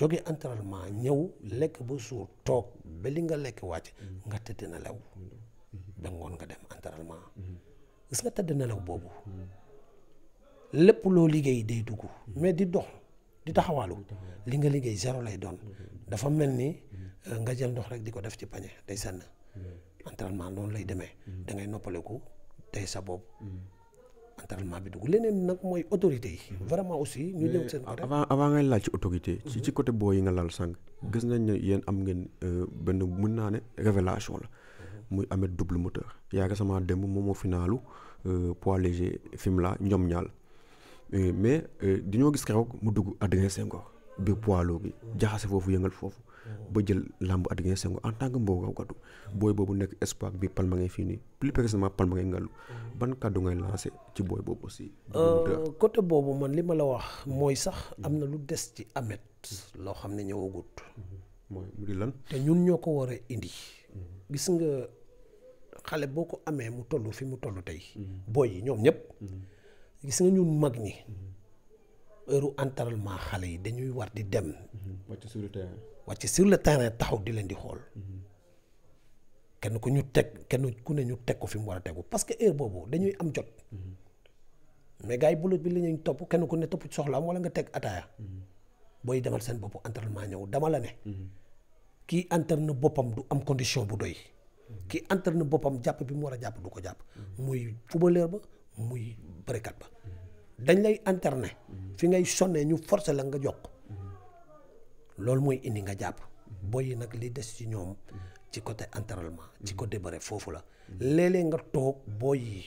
jóge entraînement ñëw lekk ba suur toog ba li nga lekk wàcc nga tëdd nelaw ba ngoon nga dem entraînement gis nga tëdd nelaw boobu lépp loo liggéey day dugg mais di dox di taxawaalu li nga liggéey zéro lay doon dafa mel ni euh, nga jël ndox rek di ko def ci pañe day sànn hmm. entraînement loolu lay demee hmm. da ngay noppaleku tey sa bopp hmm. entendement bi dugg leneen nag mooy autorité yi. vraiment aussi ñu ñëw seen avant avant ngay laal ci autorité. ci ci côté boo yi nga laal sànq. gis nañ ne yéen am ngeen euh, benn mun naa ne révélation la. muy amee double moteur. yaa récemment démb moom moo finalu euh, poids léger fimela ñoom ñaal euh, mais dañoo gis keroog mu dugg Adrien ko bi poalo bi jaxase fofu yëngal fofu ba jël lamb gi sengu en tant que mbow raw kaddu boy bobu nek espoir bi palma ngay fini plus précisément palma ngay ngalu ban kaddu ngay lancer ci boy bobu aussi euh, côté bobu man lima lawa, la wax moy sax amna lu dess ci amet lo xam ñewugut moy mooy lan te ñun ñoko wara indi gis nga xalé boko amé mu tollu fi mu tollu tay mm-hmm. boy ñom ñep mm-hmm. gis nga ñun mag heureu entraînement xalé yi dañuy war di dem mm-hmm. wacc sur le terrain wacc sur le terrain taxaw di len di xol mm-hmm. kenn ku ñu tek kenn ku ne ñu tek ko fi mu wara teggu parce que heure bobu dañuy am jot mm-hmm. mais gaay bulut bi lañuy top kenn ku ne top soxlam wala nga tek ataya boy demal sen bop entraînement ñew dama la ne ki entraîne bopam du am condition bu doy ki entraîne bopam japp bi mu wara japp du ko japp muy footballeur ba muy brekat ba dañ lay internet fi ngay sonnee ñu forcer la nga jokk loolu mooy indi nga jàpp booy yi nag li des ci ñoom ci côté entraînement ci côté bëre foofu la léeg-léeg nga toog booy yi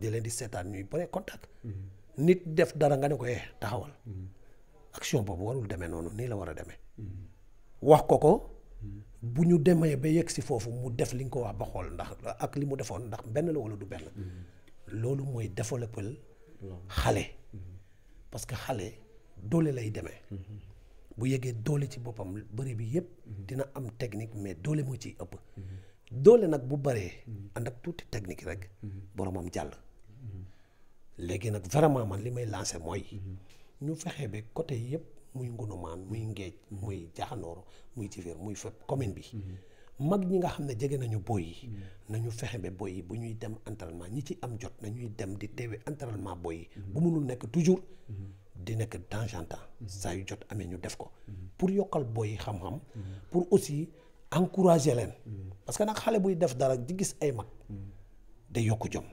di leen di seetaan ñuy bëre contact nit def dara nga ne ko eh taxawal action boobu warul demee noonu ni la war a demee wax ko ko bu ñu demee ba yegg si foofu mu def li nga ko wax ba xool ndax ak li mu defoon ndax benn la walla du benn loolu mooy développer xale parce que xale doole lay demee bu yëgee doole ci boppam bëri bi yëpp dina am technique mais doole moo ciy ëpp doole nag bu bëree ànd ak tuuti technique rek boromam jàll léegi nag vraiment man li may lancé mooy ñu fexe ba côté yëpp muy ngunumaan muy ngéej muy jaxanoor muy jiféer muy fépp commune bi mag ñi nga xam ne jege nañu boy yi nañu fexe ba boy yi bu ñuy dem entraînement ñi ci am jot nañuy dem di teewe entraînement boy yi bu mënul nekk toujours di nekk temps temps saa yu jot amee ñu def ko pour yokkal boy yi xam-xam pour aussi encourager leen parce que nag xale buy def dara di gis ay mag day yokk jom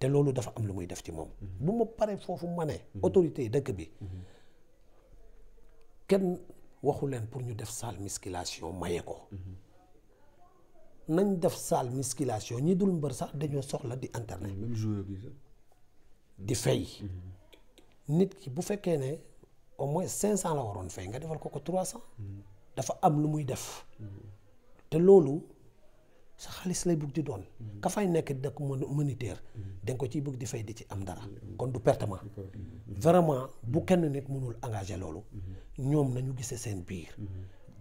te loolu dafa am lu muy def ci moom bu ma paree foofu ma ne autorité yi dëkk bi kenn waxu leen pour ñu def salle musculation maye ko nañ def salle musculation ñi dul mbër sax dañoo soxla di internet. même joueur bi di fay. Mm-hmm. nit ki bu fekkee ne au moins cent la waroon fay nga defal ko ko trois cent mm-hmm. dafa am lu muy def. Mm-hmm. te loolu sa xalis lay bugg di doon. ka fay nekk dëkk moniteur. da nga ko ciy bugg di fay di ci am dara. kon du pertement. vraiment bu kenn nit mënul engagé loolu. ñoom nañu gisee seen biir.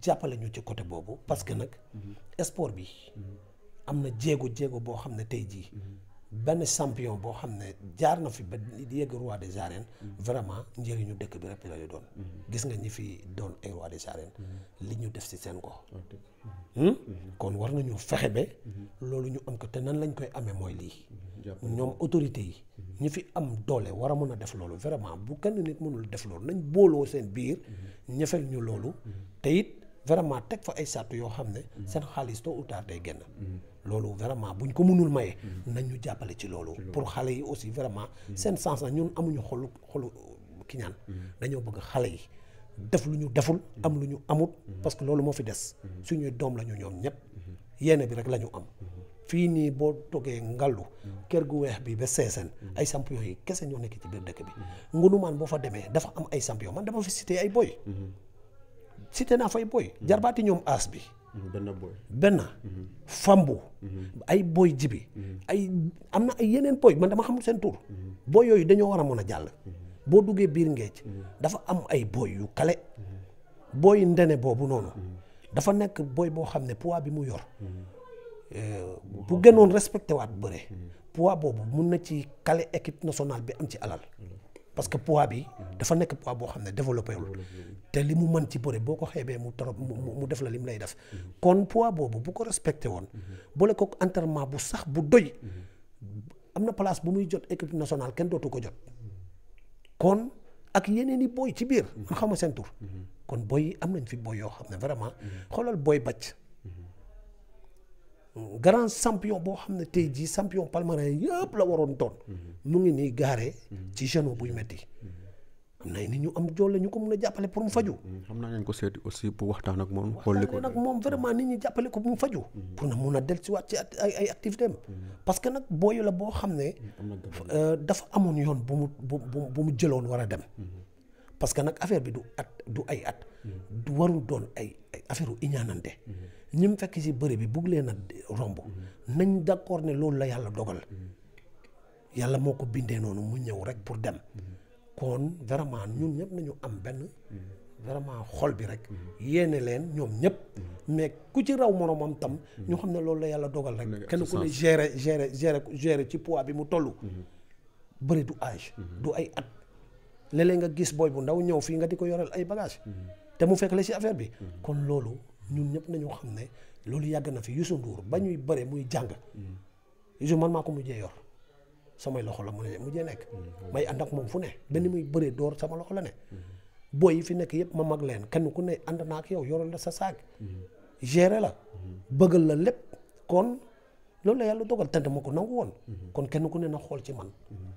jàppale ñu ci côté boobu parce que nag sport bi am na jéego jéego boo xam ne tey jii benn champion boo xam ne jaar na fi ba yegg roi des arènes vraiment njëriñu dëkk bi rek lay doon gis nga ñi fi doon ay roi des arènes li ñu def si seen gox hmm? kon war nañu fexe ba loolu ñu am ko te nan lañ koy amee mooy lii ñoom autorité yi ñu fi am doole war a mën a def loolu vraiment bu kenn nit mënul def loolu nañ booloo seen biir ñefeel ñu loolu te vraiment teg fa ay Yohamne, sen xam ne seen xaalis tôt ou tard day génn loolu vraiment buñ ko mënul maye nañ ñu jàppale ci loolu pour xale yi aussi vraiment seen sens la ñun amuñu xolu xolu ki ñaan dañoo bëgg xale yi def deful am lu amut parce que loolu moo fi des suñuy doom la ñu ñoom ñëpp bi rek am Fini nii boo toggee ngallu kër gu weex bi ba seeseen ay champion yi kese ñoo nekk ci biir dëkk bi man bo fa demee dafa am ay champion man dama fi cité ay boy cité naa fay booy mm-hmm. jarbaati ñoom aas bi mm-hmm. benn booy benn mm-hmm. fambu ay booy jibi ay am na ay yeneen booy man dama xam seen tur booy yooyu dañoo war a mën a jàll boo duggee biir ngeej dafa am ay booy yu kale booy ndene boobu noonu dafa nekk booy boo xam ne poids bi mu yor eh, bu gënoon respecté waat bëre poids boobu mun na ci kale équipe nationale bi am ci alal parce que poids bi dafa nekk poids boo xam ne développé wul te li mu mën ci bëre boo ko xeebee mu trop mu def la li mu lay def kon poids boobu bu ko respecté woon boole ko entrement bu sax bu doy am na place bu muy jot équipe nationale kenn dootu ko jot kon ak yeneen i booy ci biir man xaw ma seen kon booy am nañ fi booy yoo xam ne vraiment xoolal booy bacc grand sampion boo xam ne tey jii champion palmarin yëpp la waroon toon mu ngi nii gaaree ci genou buy metti am na nit ñu am jolle ñu ko mun a jàppale pour mu faju xam naa ngeen ko seeti aussi pour waxtaan ak moom xool ko nag moom vraiment nit ñi jàppale ko bu mu faju pour na mun a del siwaat ci ay ay activité am parce que nag booyu la boo xam ne euh, dafa amoon yoon bu mu bu bu mu jëloon war a dem parce que nag affaire bi du at du ay at du warul doon ay affaire u iñaanante ñi mu fekk si bëri bi bugg leen a romb nañ d'accord ne loolu la yàlla dogal yàlla moo ko bindee noonu mu ñëw rek pour dem kon vraiment ñun ñëpp nañu am benn vraiment xol bi rek yéene leen ñoom ñëpp mais ku ci raw moromam tam ñu xam ne loolu la yàlla dogal rek kenn ku ne gérer gérer gérer gérer ci pois bi mu toll bëri du age du ay at léeg-léeg nga gis booy bu ndaw ñëw fii nga di ko yoral ay bagage te mu fekk la si affaire bi kon loolu ñun ñëpp nañu xam ne loolu yàgg na fi Youssou Ndour ba ñuy bëre muy jàng Youssou man maa ko mujjee yor samay loxo la mujjee mujjee nekk mm. may ànd ak moom fu ne benn muy bëree door sama loxo la ne booy yi fi nekk yëpp ma mag leen kenn ku ne ànd naa ak yow yoral la sa saag mm. gérer la mm. bëggal la lépp kon loolu la yàlla dogal tënt ma ko nangu woon kon kenn ku ne na xool ci man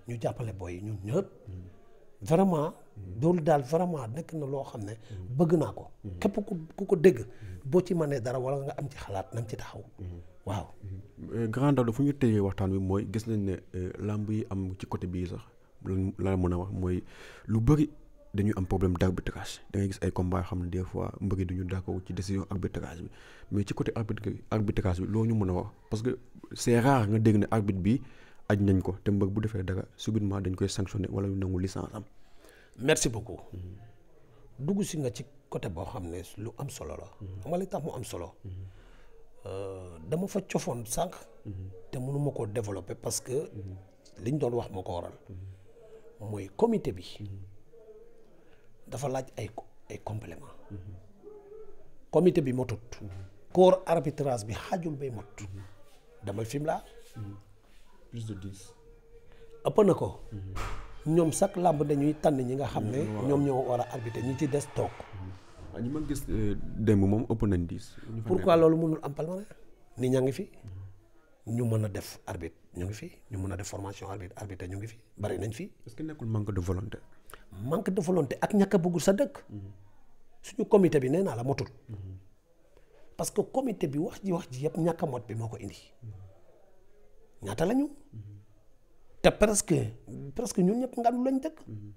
ñu jàppale booy yi ñun ñëpp vraiment doolu daal vraiment nekk na loo xam ne bëgg naa ko képp ku ku ko dégg boo ci mënee dara wala nga am ci xalaat na ci taxaw waaw Grand Daouda fu ñu tëjee waxtaan wi mooy gis nañ ne euh, làmb yi am ci côté bii sax la mën a wax mooy lu bëri dañuy am problème d'arbitrage da ngay gis ay combat yoo xam ne des fois mbëri duñu d'accord ci décision arbitrage bi mais ci côté arbitre arbitrage bi loo ñu mën a wax parce que c'est rare nga dégg ne arbitre bi aj nañ ko te mbër bu defee dara subitement dañ koy sanctionné wala ñu nangu licence am merci beaucoup dugg si nga ci côté bo xamné lu am solo la xam nga li tax mu am solo euh, développer parce que liñ doon wax mako waral comité bi dafa laaj ay comité bi motut corps arbitrage bi Je bay mot plus de 10. ñom sak lamb dañuy tan ñi nga xam ñom nyom ñoo wara arbitre ñi ci dess tok ñi mm-hmm. ma gis euh, démb mom upp nañ diis pourquoi lolu mënul am ni ñangi fi ñu mëna def arbitre ñu ngi fi ñu mëna def formation arbitre arbitre ñu ngi fi bari nañ fi est-ce que nekul manque de volonté manque de volonté ak ñaka bëggul sa dëkk mm-hmm. suñu comité bi néna la motul mm-hmm. parce que comité bi wax ji wax ji yépp ñaka mot bi moko indi ñata lañu te presque presque ñun ñep ngandu lañ tek mm-hmm.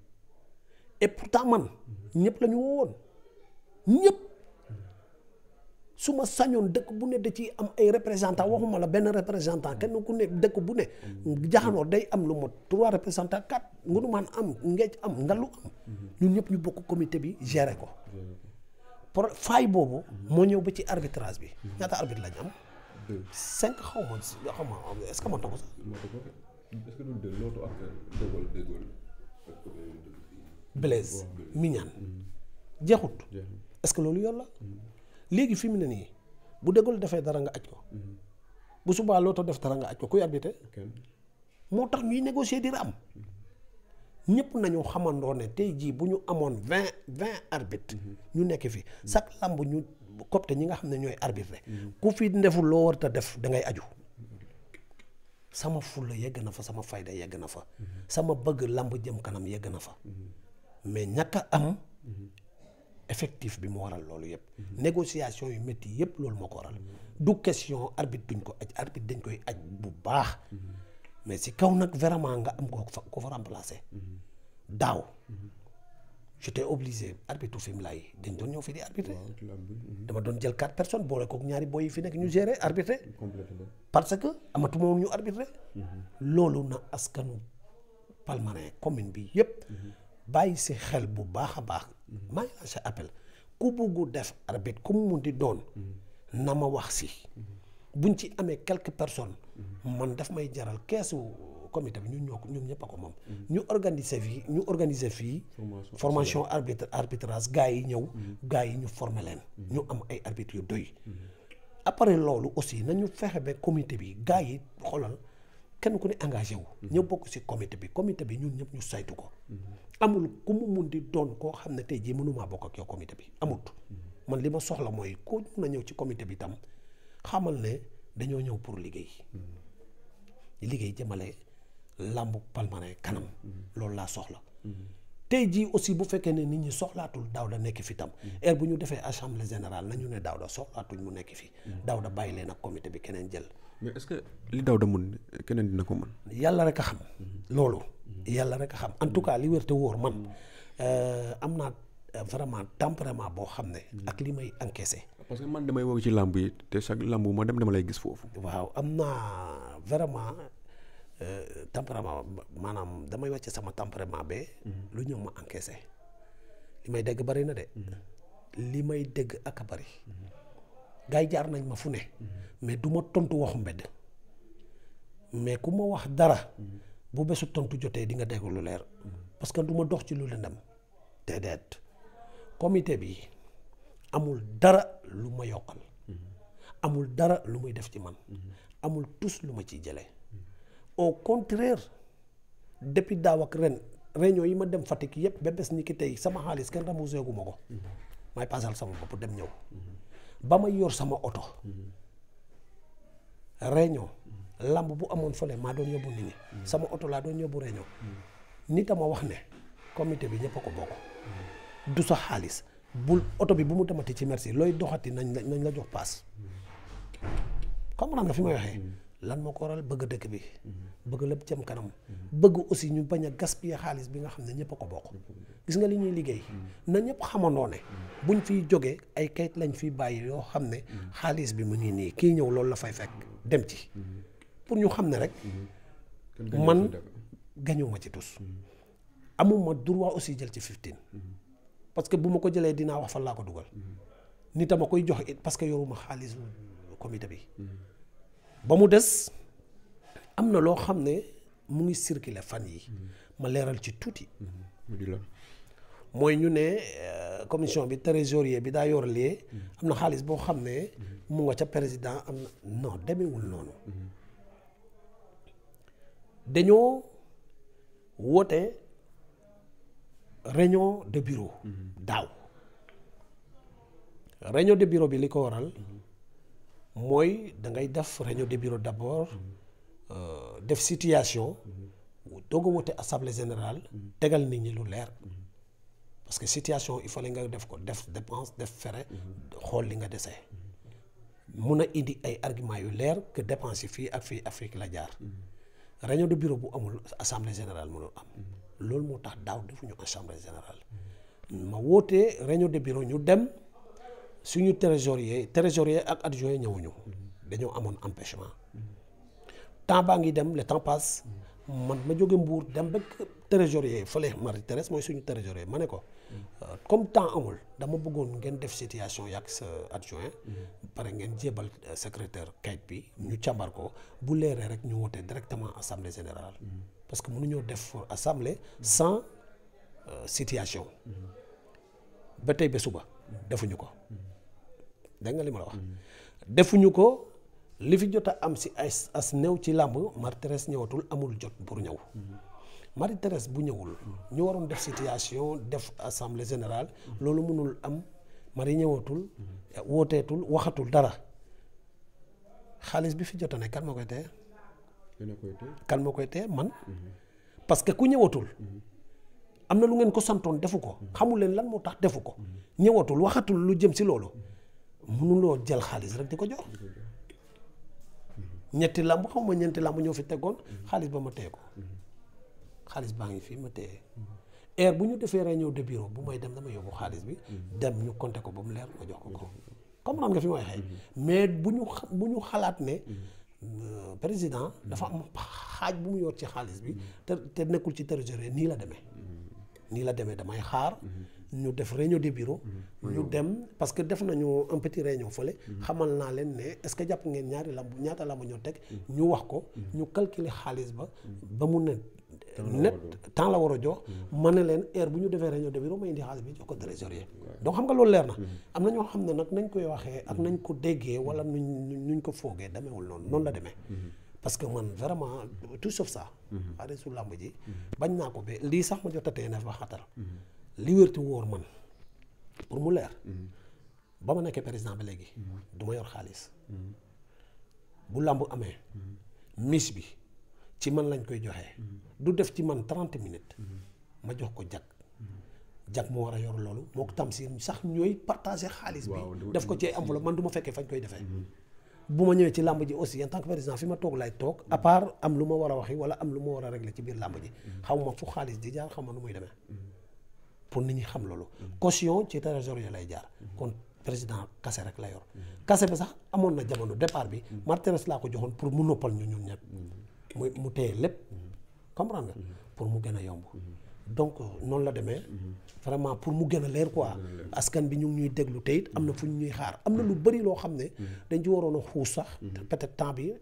et pourtant man ñep lañu woon ñep suma sañon dekk bu ne da ci am ay représentant mm-hmm. waxuma la ben représentant kenn ku ne dekk bu ne mm-hmm. jaxano day am lu mot trois représentant quatre man am ngeej am ngalu am ñun ñep ñu bokk comité bi gérer ko pour fay bobu mo ñew ba ci arbitrage bi ñata arbitre lañ am cinq xawma xawma est ce que mo na est de l'autre acteur Dégol Blaise Mignane mm. jeexut est que loolu yoon la mm. léegi fi mu ne nii bu Dégol defee dara nga aj ko mm. bu subaa looto def dara nga aj ko kuy arbitre moo tax ñuy négocier dina am ñëpp nañu xamandoo ne tey jii bu ñu amoon vingt vingt arbitre mm-hmm. ñu nekk fi chaque lamb ñu copte ñi nga xam ne ñooy arbitre mm-hmm. ku fi ndeful loo war a def da ngay aju sama fulla yegg na fa sama fayda yegg na fa sama bëgg lamb jëm kanam yegg na fa mais ñàkk am effectif bi mu waral loolu yëpp négociation yu métti yëpp loolu moo ko waral du question arbitre duñ ko aj arbitre dañ koy aj bu baax mais si kaw nag vraiment nga am ko fa ko fa remplacer daaw j'étais obligé arbitre film lay dañ doon ñëw fii di arbitre mhm. dama doon jël quatre personnes boole ko ñaari boy fi nekk ñu gérer arbitre parce que amatuma woon ñu arbitre mhm. loolu na askanu Palmarin commune bi yépp mhm. bàyyi si xel bu baax a baax maa ngi lancé appel ku bugg def arbitre ku mu di doon na ma wax si buñ ci amee quelques personnes man daf may jaral keesu comité bi ñu ñoo ñoom ñëpp a ko moom. Mm-hmm. ñu organiser fii ñu organiser fii. formation arbitre arbitrage gars yi ñëw. Mm-hmm. gars yi ñu former leen. Mm-hmm. ñu am ay arbitres yu doy. après loolu aussi nañu fexe ba comité bi gars yi xoolal kenn ku ne engagé wu. ñëw bokk ci comité bi comité bi ñun ñëpp ñu saytu ko. amul ku mu mun di doon koo xam ne tey jii mënumaa bokk ak yow comité bi amut. man li ma soxla mooy ku mun a ñëw ci comité bi tam xamal ne dañoo ñëw pour liggéey. liggéey jëmale làmbu palmarin kanam mm-hmm. loolu laa soxla mm-hmm. tey jii aussi bu fekkee ne nit ñi soxlaatul da nekk fi tam mm-hmm. heure bu ñu defee assemblée générale nañu ne Daouda soxlaatuñ mu nekk fi da bàyyi leen ak comité bi keneen jël mais est-ce que li Daouda mun keneen dina ko mën yàlla rek a xam loolu yàlla rek a xam en tout cas li wér te wóor man euh, am naa euh, vraiment tempérament boo xam ne ak li may encaissé parce que man damay woo ci làmb yi te chaque làmb ma dem dama lay gis foofu waaw am naa Euh, tempérament maanaam damay wàcce sama tempérament be mhm. lu ñëw ma encaissé li may dégg bari na de mhm. li may dégg ak bari mhm. gars jaar nañ ma fu ne mais du ma tontu waxu mbedd mais ku ma wax dara bu bésu tontu jotee di nga dégg lu leer parce que du ma dox ci lu lëndam déedéet comité bi amul dara lu ma yokkal amul dara lu muy def ci man amul tus lu ma ci jëlee au contraire depuis dawak ren réunion yi ma dem fatik yépp ba bés ni ki tey sama xaalis kenn ramu zeeguma ko may passal sama bopp dem ñëw ba may yor sama auto réunion lamb bu amoon fële maa doon yóbbu nit ñi sama auto laa doon yóbbu réunion nitama wax ne comité bi ñëpp a ko bokk du sa xaalis bul auto bi bu mu demati ci merci looy doxati nañ la nañ la jox passe comprendre nga fi may waxee lan moo ko waral bëgg dëkk bi mm-hmm. bëgg lépp jëm kanam mm-hmm. bëgg aussi ñu bañ a gaspiller xaalis bi nga xam ne ñëpp ko bokk gis nga li ñuy liggéey mm-hmm. na ñëpp xamandoo ne buñ fiy jógee ay kayit lañ fi bàyyi yoo xam ne xaalis bi mu ngi nii kii ñëw loolu la fay fekk dem ci pour ñu xam ne rek man gañuma ci tus amuma droit aussi jël ci fifteen parce que bu ma ko jëlee dinaa wax fan laa ko dugal nit a ma koy jox it parce que yoruma xaalis comité bi ba mu des am na loo xam ne mu ngi circuler fan yi ma leeral ci tuuti. mooy ñu ne euh, commission bi trésorier bi daa yor lee am na xaalis boo xam ne mu nga ca président am na non demewul noonu dañoo woote réunion de bureau mhm. daaw réunion de bureau bi li ko waral mooy da ngay def réunion de bureau d' abord euh, def situation doog a woote assemblée général tegal nit ñi lu leer parce que situation il fallait nga def ko def dépense def fere xool li nga dese mun a indi ay arguments yu leer que dépense yi fii ak fii Afrique la jaar réunion de bureau bu amul assemblée général mënul am loolu moo tax daaw defuñu assemblée générale ma wootee réunion de bureau ñu dem. suñu trésorier trésorier ak adjoint ñëwuñu dañoo amoon empêchement temps baa ngi dem le temps man ma jóge mbuur dem ba trésorier fële Marie Thérèse mooy suñu trésorier ma ne ko euh, comme temps amul dama bëggoon ngeen def situation yàgg sa adjoint pare ngeen jébal euh, secrétaire kayit bi ñu càmbar ko bu leeree rek ñu woote directement assemblée général parce que ñoo def assemblée sans euh, situation ba tey ba suba defuñu ko dégg nga li ma la wax. Mm-hmm. defuñu ko li fi jot a am si as as néew ci làmb Thérèse ñëwatul amul jot pour ñëw. Mm-hmm. Marie Thérèse bu ñëwul. Mm-hmm. ñu waroon def situation def assemblée générale. loolu mënul am Marie ñëwatul. Ya, wooteetul waxatul dara xaalis bi fi jot a ne kan moo koy kan moo koy man. parce que ku ñëwatul. am na lu ngeen ko santoon defu ko. xamul leen lan moo tax defu ko. ñëwatul waxatul lu jëm si loolu. mënuloo jël xaalis rek di ko jox ñetti làmb xaw ma ñeenti làmb ñoo fi tegoon xaalis ba ma teye ko xaalis baa ngi fi ma teye heure bu ñu defee réunion de bureau bu may dem dama yóbbu xaalis bi dem ñu compter ko ba mu leer ma jox ko ko comme naan nga fi may xëy mais bu ñu bu ñu xalaat ne euh, président dafa am xaaj bu mu yor ci xaalis bi te te nekkul ci trésorier nii la demee nii la demee damay xaar ñu def réunion de bureau. Mm-hmm. ñu dem parce que def nañu un petit réunion fële. Mm-hmm. xamal naa leen ne est-ce que jàpp ngeen ñaari lamb ñaata lamb ñoo teg. Mm-hmm. ñu wax ko ñu calculer xaalis ba. ba mu ne net temps la war a jox. ma ne leen heure bu ñu defee réunion de bureau ma indi xaalis bi jox ko trésorier. donc xam nga loolu leer na. am na ñoo xam ne nag nañ koy waxee ak nañ ko déggee wala nuñ nuñ ko foogee demeewul noonu noonu la demee. parce que man vraiment tout sauf ça. xaalis su ji. bañ naa ko lii sax ma jot a tee neef li wér te wóor man pour mu leer. Mm-hmm. ba ma nekkee président ba léegi. Mm-hmm. du ma yor xaalis. Mm-hmm. bu làmb amee. mis bi ci man lañ koy joxe. du def ci man trente minutes. ma jox ko jag. jag moo war a yor loolu moo ko tam sax ñooy partagé xaalis bi. def ko ci enveloppe man du ma fekkee fañ koy defee. bu ma ñëwee ci làmb ji aussi en tant que président fi ma toog laay toog à am lu ma war a waxi wala am lu ma war a régler ci biir làmb ji. xaw ma fu xaalis di jaar xaw ma nu muy demee. pour nit ñi xam loolu. caution ci trésorier lay jaar. kon président kase rek la yor. kase bi sax amoon na jamono départ bi. Martinez laa ko joxoon pour mu noppal ñu ñun ñëpp. mu mu téye lépp. comprendre nga pour mu gën a yomb. donc noonu la demee. vraiment pour mu gën a leer quoi. askan bi ñu ngi ñuy déglu teyit am na fu ñu ñuy xaar am na lu bëri loo xam ne. dañ ci waroon a xuus sax. peut temps bi.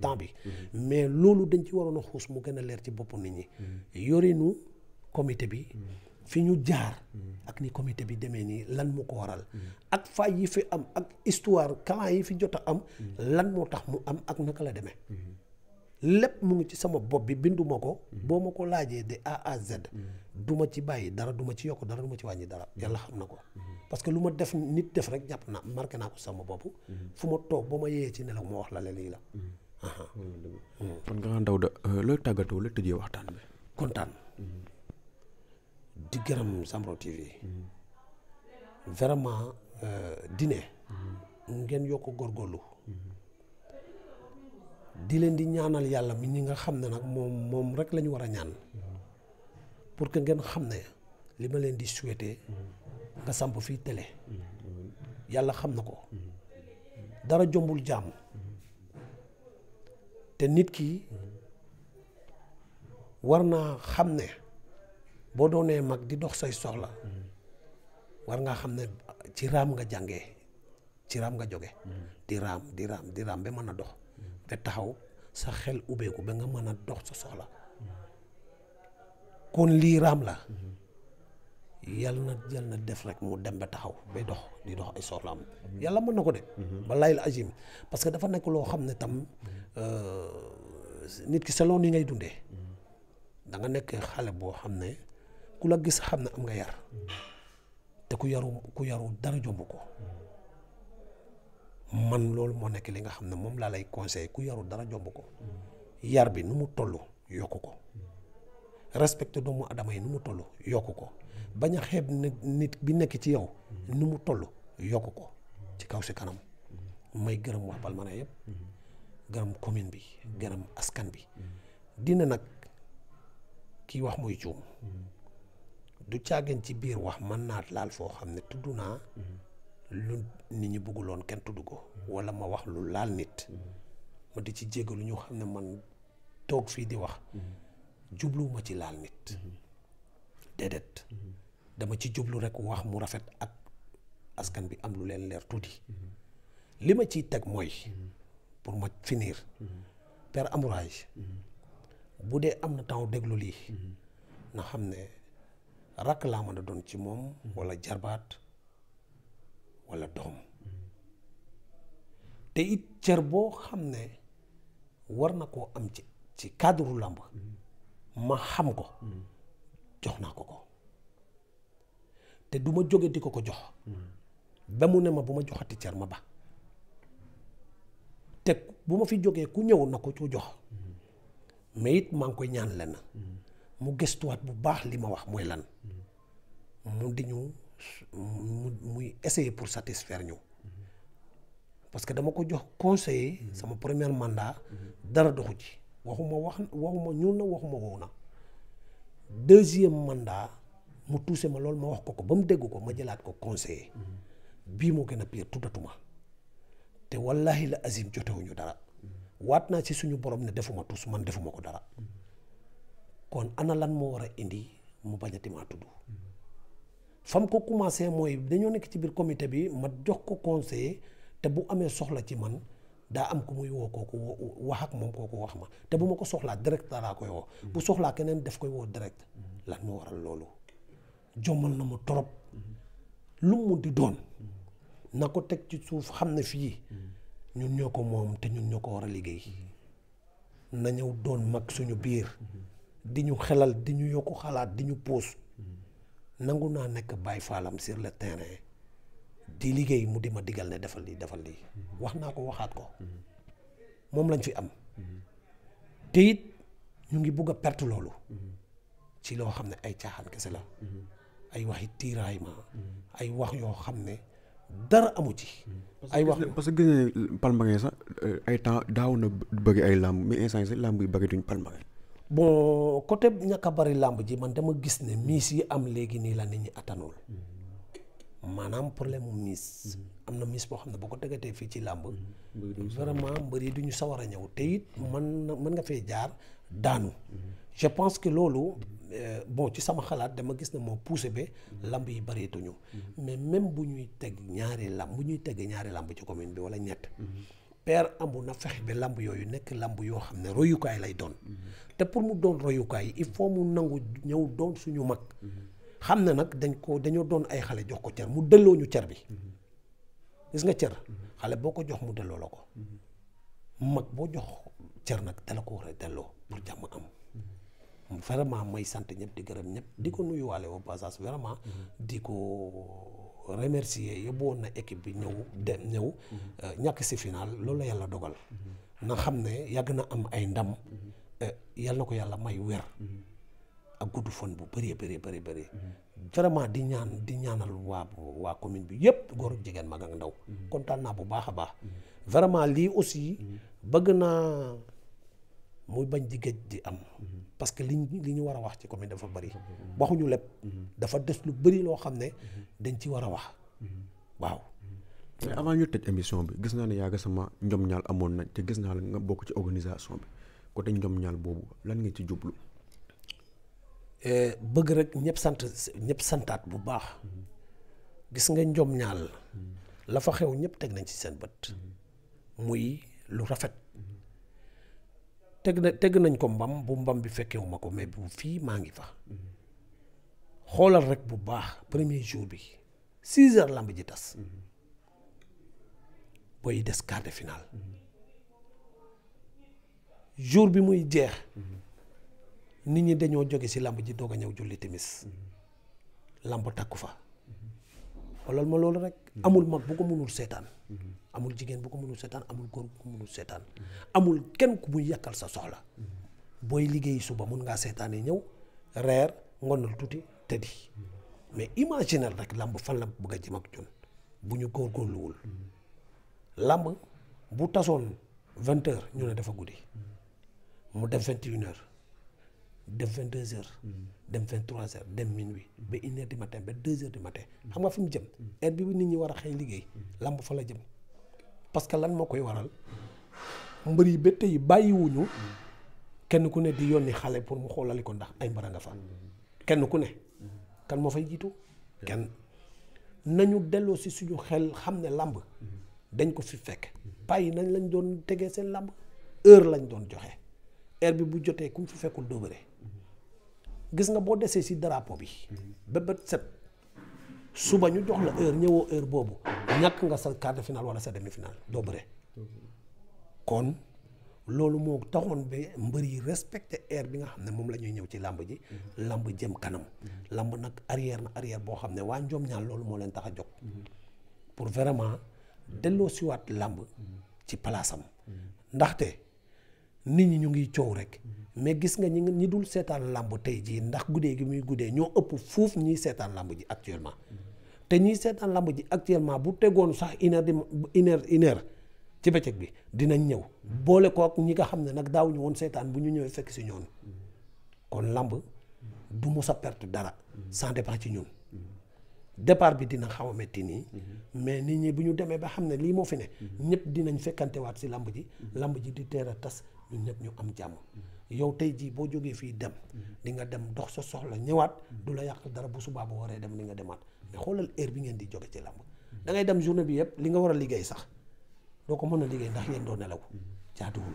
temps bi mais loolu dañ ci waroon a xuus mu gën a leer ci boppu nit ñi. yorinu comité bi. fi ñu jaar ak ni comité bi demee nii lan moo ko waral ak faay yi fi am ak histoire kalan yi fi jot a am lan moo tax mu am ak naka la demee lépp mu ngi ci sama bopp bi binduma ko boo ma ko laajee de A à Z du ci bàyyi dara duma ci yokk dara duma ci wàññi dara yàlla xam na ko parce que lu ma def nit def rek jàpp na marqué naa ko sama bopp fu ma toog ba ma yeyee ci nelaw ma wax la leen lii la kon nga Daouda looy tàggatoo la tëjee waxtaan bi kontaan di gërëm Zambro TV vraiment euh, dine ngeen yokk góorgóorlu di leen di ñaanal yàlla mi ñi nga xam ne nag moom moom rek lañu war a ñaan pour que ngeen xam ne li ma leen di souhaité nga samp fii télé yàlla xam na ko dara jombul jàmm te nit ki war naa xam ne Bodo ne mag di dox say soxla war nga xamne ci ram nga jange ci ram nga joge di ram di ram di ram be mën a dox be taxaw sa xel ko be nga mën dox sa soxla kon li ram la yalla na yàlla na def rek mu dem ba taxaw be dox di dox ay soxlam yalla mën nako de ba layl ajim parce que dafa nek lo xamne tam tam euh, nit ki selon ni ngay dundé da nga nek xalé bo ku la gis xam na am nga yar te ku yaru ku yaru dara jomb ko man loolu moo nekk li nga xam ne moom laa lay conseil ku yaru dara jomb ko yar bi nu mu tollu yokk ko respecté doomu adama yi nu mu tollu yokk ko bañ a xeeb nit bi nekk ci yow nu mu tollu yokk ko ci kaw si kanam may gërëm wax Palmarin yëpp gërëm commune bi gërëm askan bi dina nag kii wax mooy juum du càggeen ci biir wax man naa laal foo xam ne tudd naa lu nit ñi bëgguloon kenn tudd ko wala ma wax lu laal nit ma di ci lu ñoo xam ne man toog fii di wax jubluwuma ci laal nit déedéet dama ci jublu rek wax mu rafet ak askan bi am lu leen leer tuuti li ma ciy teg mooy pour ma finir per Amouraye bu dee am na temps déglu lii na xam ne rakk laa mën a doon ci moom walla jarbaat wala doom te it cër boo xam ne war na koo am ci ci cadre làmb ma xam ko jox naa ko ko te du ma jóge di ko ko jox ba mu ne ma bu ma joxati cër ma ba te bu ma fi jógee ku ñëw na ko ci jox mais it maa ngi koy ñaan lenn mu gëstuwaat bu baax li ma wax mooy lan mu di ñu mu muy essayer pour satisfaire ñu parce que dama ko jox conseiller sama première mandat dara doxu ci waxuma wax waxuma ñuul na waxuma wow na deuxième mandat mu tuuse ma loolu ma wax ko ko ba mu dégg ko ma jëlaat ko conseiller bii moo gën a pire tuddatuma te wallahi la azim jotewuñu dara waat naa ci suñu borom ne defuma tus man defuma ko dara kon ana lan moo war a indi mu bañati maa tudd fam ko commencé mooy dañoo nekk ci biir comité bi ma jox ko conseiller te bu amee soxla ci man daa am ku muy woo kooku wax ak moom kooku wax ma te bu ma ko soxlaa direct laa bu soxlaa keneen daf koy woo direct lan moo waral loolu jommal na ma torop lu mu di doon na ko teg ci suuf xam ne fii ñun ñoo ko moom te ñun ñoo ko war a liggéey na ñëw doon mag suñu biir di ñu xelal di ñu yokku xalaat di ñu puus nangu naa nekk bàyyi Fallam sur le terrain di liggéey mu di ma digal ne defal lii defal lii wax naa ko waxaat ko moom lañ fi am te ñu ngi bugg a perte loolu ci loo xam ne ay caaxaan kese la ay waxi tiraillement ay wax yoo xam ne dara amu ci ay wax parce que gis nañ sax euh, ay temps daaw na bëgg ay làmb mais instant yi sax làmb yi bëggatuñ palmarin bon côté ñaka bari lamb ji man dama gis né miis yi am légui ni la nit ñi attanul manam problème mu amna am bo miis bu ko tegatee fi ci lamb vraiment mbër duñu sawara ñew te it man man nga fay jaar daanu je pense que lolu euh, bon ci sama xalaat dama gis né mo poussé bé, lamb yi tuñu mais même bu ñuy teg ñaari lamb bu ñuy teg ñaari lamb ci commune bi wala ñett père ambu na fexe bi làmb yooyu nekk làmb yoo xam ne royukaay lay doon te pour mu doon royukaay il faut mu nangu ñëw doon suñu mag xam ne nag dañ ko dañoo doon ay xale jox ko cër mu delloo ñu cër bi gis nga cër xale boo ko jox mu delloo la ko mag boo jox cër nag dala ko war a delloo pour jàmm am vraiment may sant ñëpp di gërëm ñëpp di ko nuyuwaale au passage vraiment di ko remercier yóbbuwoon na équipe bi ñëw dem ñëw euh, ñàkk si final loolu la yàlla dogal na xam ne yàgg na am ay ndam euh, yàlla ko yàlla may wér ak gudd fan bu bëree bëree bëri bëri vraiment di ñaan di ñaanal waa waa commune bi yëpp gor ak jigéen mag ak ndaw kontaan naa bu baax a baax vraiment lii aussi bëgg naa muy bañ di gëj di am parce que liñ li ñu war a wax ci commune dafa bari mhm. waxuñu lépp mhm. dafa des lu bëri loo xam ne mhm. dañ ci war a wax waaw mais avant ñu tëj émission bi gis naa ne yàgg sama njom ñaal amoon nañ te gis naa la nga bokk ci organisation bi côté njom ñaal boobu lan nga ci jublu eh, bëgg rek ñëpp sant ñëpp santaat bu baax gis nga njom ñaal la fa xew ñëpp teg nañ ci seen bët muy lu rafet teg na teg nañ ko mbam bu mbam bi fekkewu ma ko mais bu fii maa ngi fa xoolal rek bu baax premier jour bi six heures lamb ji tas booy des quart de finale jour bi muy jeex nit ñi dañoo jóge ci lamb ji doog a ñëw julli timis lamb takku fa xoolal ma loolu rek amul mag bu ko mënul seetaan amul jigéen bu ko mënul seetaan amul góor bu seetaan amul kenn ku muy yàkkal sa soxla booy liggéey suba mun ngaa seetaane ñëw reer ngonal tuuti tëddi mais imaginal rek làmb fan la bëgg a jëm ak ñun bu ñu góorgóorluwul làmb bu tasoon vingt heures ñu ne dafa guddi mu def vingt une heures dem vingt deux heures dem vingt trois heures dem minuit ba une heure matin ba deux heures du matin xam nga fi mu jëm heure bi nit ñi war a xëy liggéey làmb fa la jëm parce que lan moo koy waral mbër yi ba tey bàyyiwuñu kenn ku ne di yónni xale pour mu xoolali ko ndax ay mbara nga fa kenn ku ne kan moo fay jiitu kenn nañu delloo si suñu xel xam ne làmb dañ ko fi fekk bàyyi nañ lañ doon tegee seen làmb heure lañ doon joxe heure bi bu jotee ku mu fi fekkul doo bëre gis nga boo desee si drapeau bi ba set suba ñu jox la heure ñëwoo heure boobu ñàkk nga sa quart de finale wala sa demi finale doo bëre kon loolu moo taxoon ba mbër yi respecté air bi nga xam ne moom la ñuy ñëw ci làmb ji làmb jëm kanam làmb nag arrière na arrière boo xam ne waa njoom ñaan loolu moo leen tax a jóg pour vraiment delloo siwaat làmb ci palaasam ndaxte nit ñi ñu ngi coow rek mais gis nga ñi ñi dul seetaan làmb tey jii ndax guddee gi muy guddee ñoo ëpp fuuf ñiy seetaan làmb ji actuellement te ñiy seetaan lamb ji actuellement bu tegoon sax une heure di une heure une ci bëccëg bi dinañ ñëw boole kook ñi nga xam ne nag daawuñu woon seetaan bu ñu ñëwee fekk si ñoon kon lamb du musa a perte dara sans dépend ci ñun départ bi dina xaw a metti nii mais nit ñi bu ñu demee ba xam ne lii moo fi ne ñëpp dinañ fekkantewaat si lamb ji lamb ji di teel a tas ñun ñëpp ñu am jàmm yow tey jii boo jógee fii dem mhm. di nga dem dox sa soxla ñëwaat mhm. du la yàq dara bu subaa bu waree dem ni nga demaat mhm. mais xoolal heure bi ngeen di jóge ci làmb da dem journée bi yëpp li nga war a liggéey sax doo ko mën a liggéey ndax yéen doo nelaw jaaduwul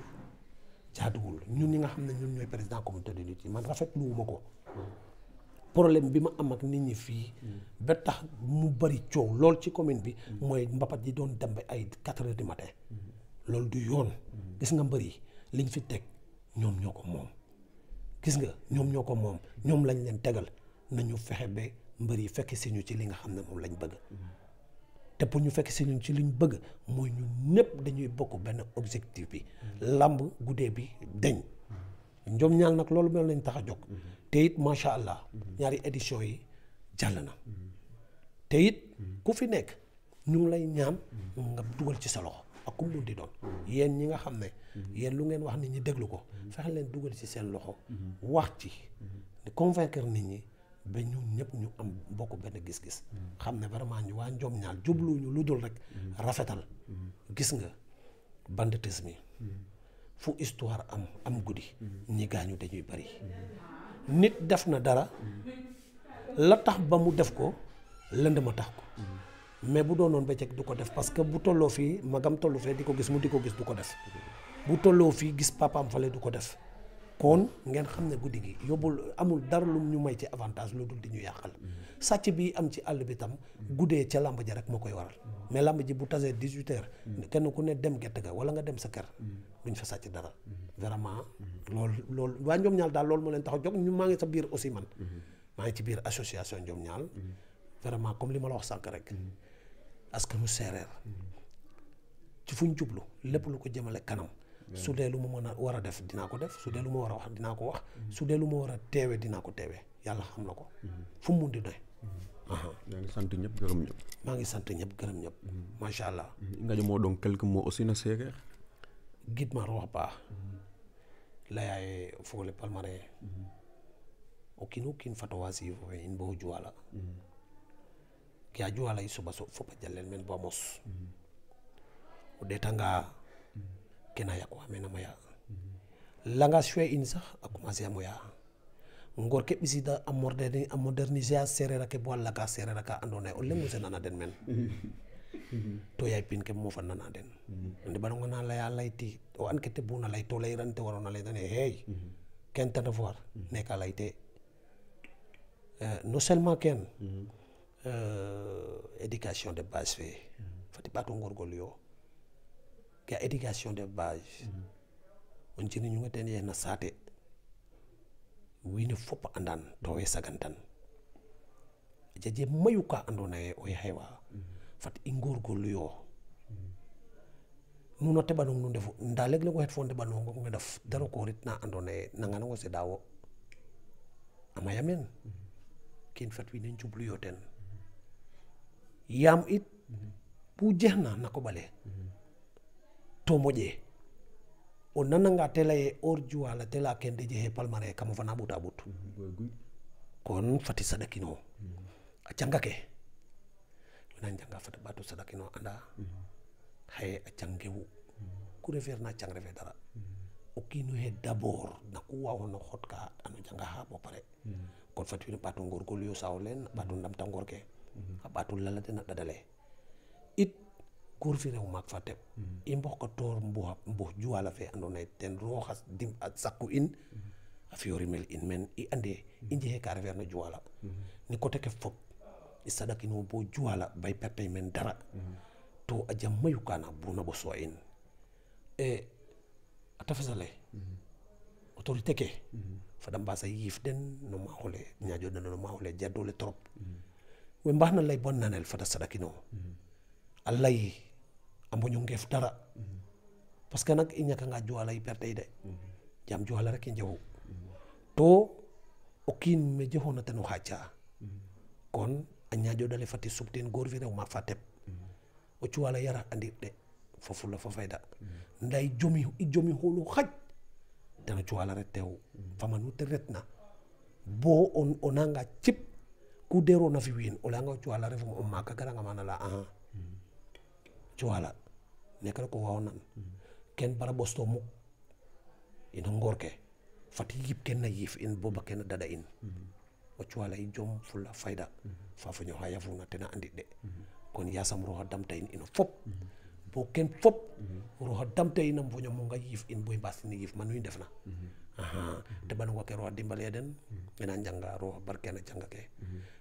jaaduwul ñun ñi nga xam ne ñun ñooy président comité de lutte yi man rafet wu ma ko problème bi ma am ak nit ñi fii ba tax mu bari coow lool ci commune bi mooy mbappat yi doon dem ba ay quatre heures du loolu du yoon gis nga mbër yi liñ fi teg ñoom ñoo ko moom gis nga ñoom ñoo ko moom ñoom lañ leen tegal nañu fexe ba mbër yi fekk si ñu ci li nga xam ne moom lañ bëgg te pour ñu fekk si ñu ci liñ bëgg mooy ñu ñëpp dañuy bokk benn objectif bi làmb guddee bi dañ ñoom ñaar nag loolu mel lañ tax a jóg te it macha allah ñaari édition yi jàll na te it ku fi nekk ñu ngi lay ñaan nga dugal ci sa loxo ak ku di doon yéen ñi nga xam ne yéen lu ngeen wax nit ñi déglu ko fexe leen dugal ci seen loxo wax ci convaincre nit ñi ba ñun ñëpp ñu am bokk benn gis-gis xam ne vraiment ñu waa njoom ñaal jubluñu lu dul rek rafetal gis nga banditisme yi fu histoire am am guddi ñi gaañu dañuy bari nit def na dara la tax ba mu def ko lënd ma tax ko mais bu ba bëccëg du ko def parce que bu tolloo fii magam tollu fee di ko gis mu di ko gis du ko def bu tolloo fii gis papaam fale du ko def kon ngeen xam ne guddi gi yóbbul amul dara lu ñu may ci avantage lu dul di ñu yàqal sàcc bi am ci àll bi tam guddee ca làmb ja rek moo koy waral mais làmb ji bu tasee dix-huit kenn ku ne dem gett ga wala nga dem sa kër duñ fa sàcc dara vraiment loolu loolu waa ñoom ñaal daal loolu moo leen tax a jóg ñu maa ngi sa biir aussi man maa ngi ci biir association ñoom ñaal vraiment comme li ma la wax sànq rek askanu séeréer ci fu ñu jublu lépp lu ko jëmale kanam. su dee lu ma mën a war a def dinaa ko def su dee lu ma war a wax dinaa ko wax. Mm-hmm. su dee lu ma war a teewee dinaa ko teewee yàlla xam na ko. Mm-hmm. fu mu mun maa mm-hmm. ngi sant ñëpp gërëm ñëpp. maa ngi sant ñëpp gërëm ñëpp. macha allah. nga ñu moo doon quelques mots aussi na séeréer. gid wax baax. layaye fogole palmarin o kiino kiin fatowa siif o fe in bo o la alay suba so fopa jalel men ba mos o deta nga kena yakwa mena moya nga shwe in sax a commencer a moya ngor ke da a moderni a moderniser a serera ke bo laka serera ka andone o lengu se nana den men to hmm. yay pin ke mo fa nana den hmm. ndi ba ngona la ya layti o an ke te buna lay to lay ran te na lay dane hey hmm. ken ta devoir ne ka lay te eh, non seulement ken Euh, éducation de base fait mm. fati ɓaato ngorgol yo ke éducation de base mm. on jini ñu ngaten ya saté wi ne fop andan towe sagantan jaje mayu ka andona ye o yahewa mm. fati i ngorgolu yo no teɓanong nu defu nda leg leg o xet fo nga def dara ko rit na andona na nga sedawo a dawo amayamen kin fat wiine njublu yo yam it pujehna na ko bale to moje o nananga tela e orju ala tela kende je he palmare kamo fana buta butu kon fati sadakino a cangake nan janga fati batu sadakino anda haye a cangewu ku refer na cang refe dara o kino he dabor na ku wawo hotka anu janga ha bo pare kon fati wini batu ngorgol yo sawo len batu ndamta a ɓatullalade naɗɗa dale it kurfi rew maak fa teɓ mm-hmm. i mbokatoor mbux juwala fe andoona yee ten roog mm-hmm. a saqu in a fi'o rimel in meen i ande i njege ka refeerna juwala ni coté ke i saɗakino bo juwala ba i perte i dara mm-hmm. to a jam mayu kaana bugna ɓoso in e, a tafes ale autorité ke yiif den no maax ole den no maax ole trop ɓe mbahnallay bonnanel fota saɗakino allayi amboño ngef dara par ce que nak i ñakanga jowala i pertey de jam jowala rek i njewu to o kiin me jofona ten o xaca kon a ñaƴoɗale fati suɓten goor fi rew ma fa teɓ o yara andir de fo fula fo fayda nda i jomi i jomi xoolu xaj ten o cuwala ret tew famanu te retna bo o nanga cip kudero na fi olanga chwala refu umaka kara ngamana la aha chwala ne kala ko ken bara bosto mu ina ngorke fati yip ken na yif in boba ken dada in o chwala i jom fula faida fa fa haya vuna na tena andi de kon yasam roha damta in ino fop bo ken fop roha damta in am vonyo monga yif in boy basini yif manu defna aha te banu wake roha dimbale den ina janga barkena janga ke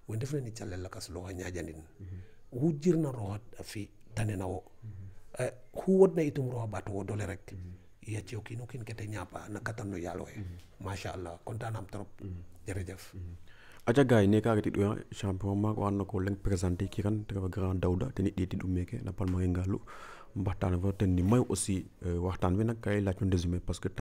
woni defnani cellel lakas lowo ñaƴanin wujjirna roho fi tanenao hu wodna eh, i tum roho ɓato wo dole rek yacce o kiino kiin kete ñaapa na katan no yaalo xe machallah contanam trop jerejef aca gaay ne kaaga tiɗ uya champion maak o andoona ko leng présenter kiran te refa grand dawda ten i ɗeetiɗ u meeke na palmarin ngalu mbaxtaan fa ten ni mayu aussi eh, waxtaan fe nag ka i yaac no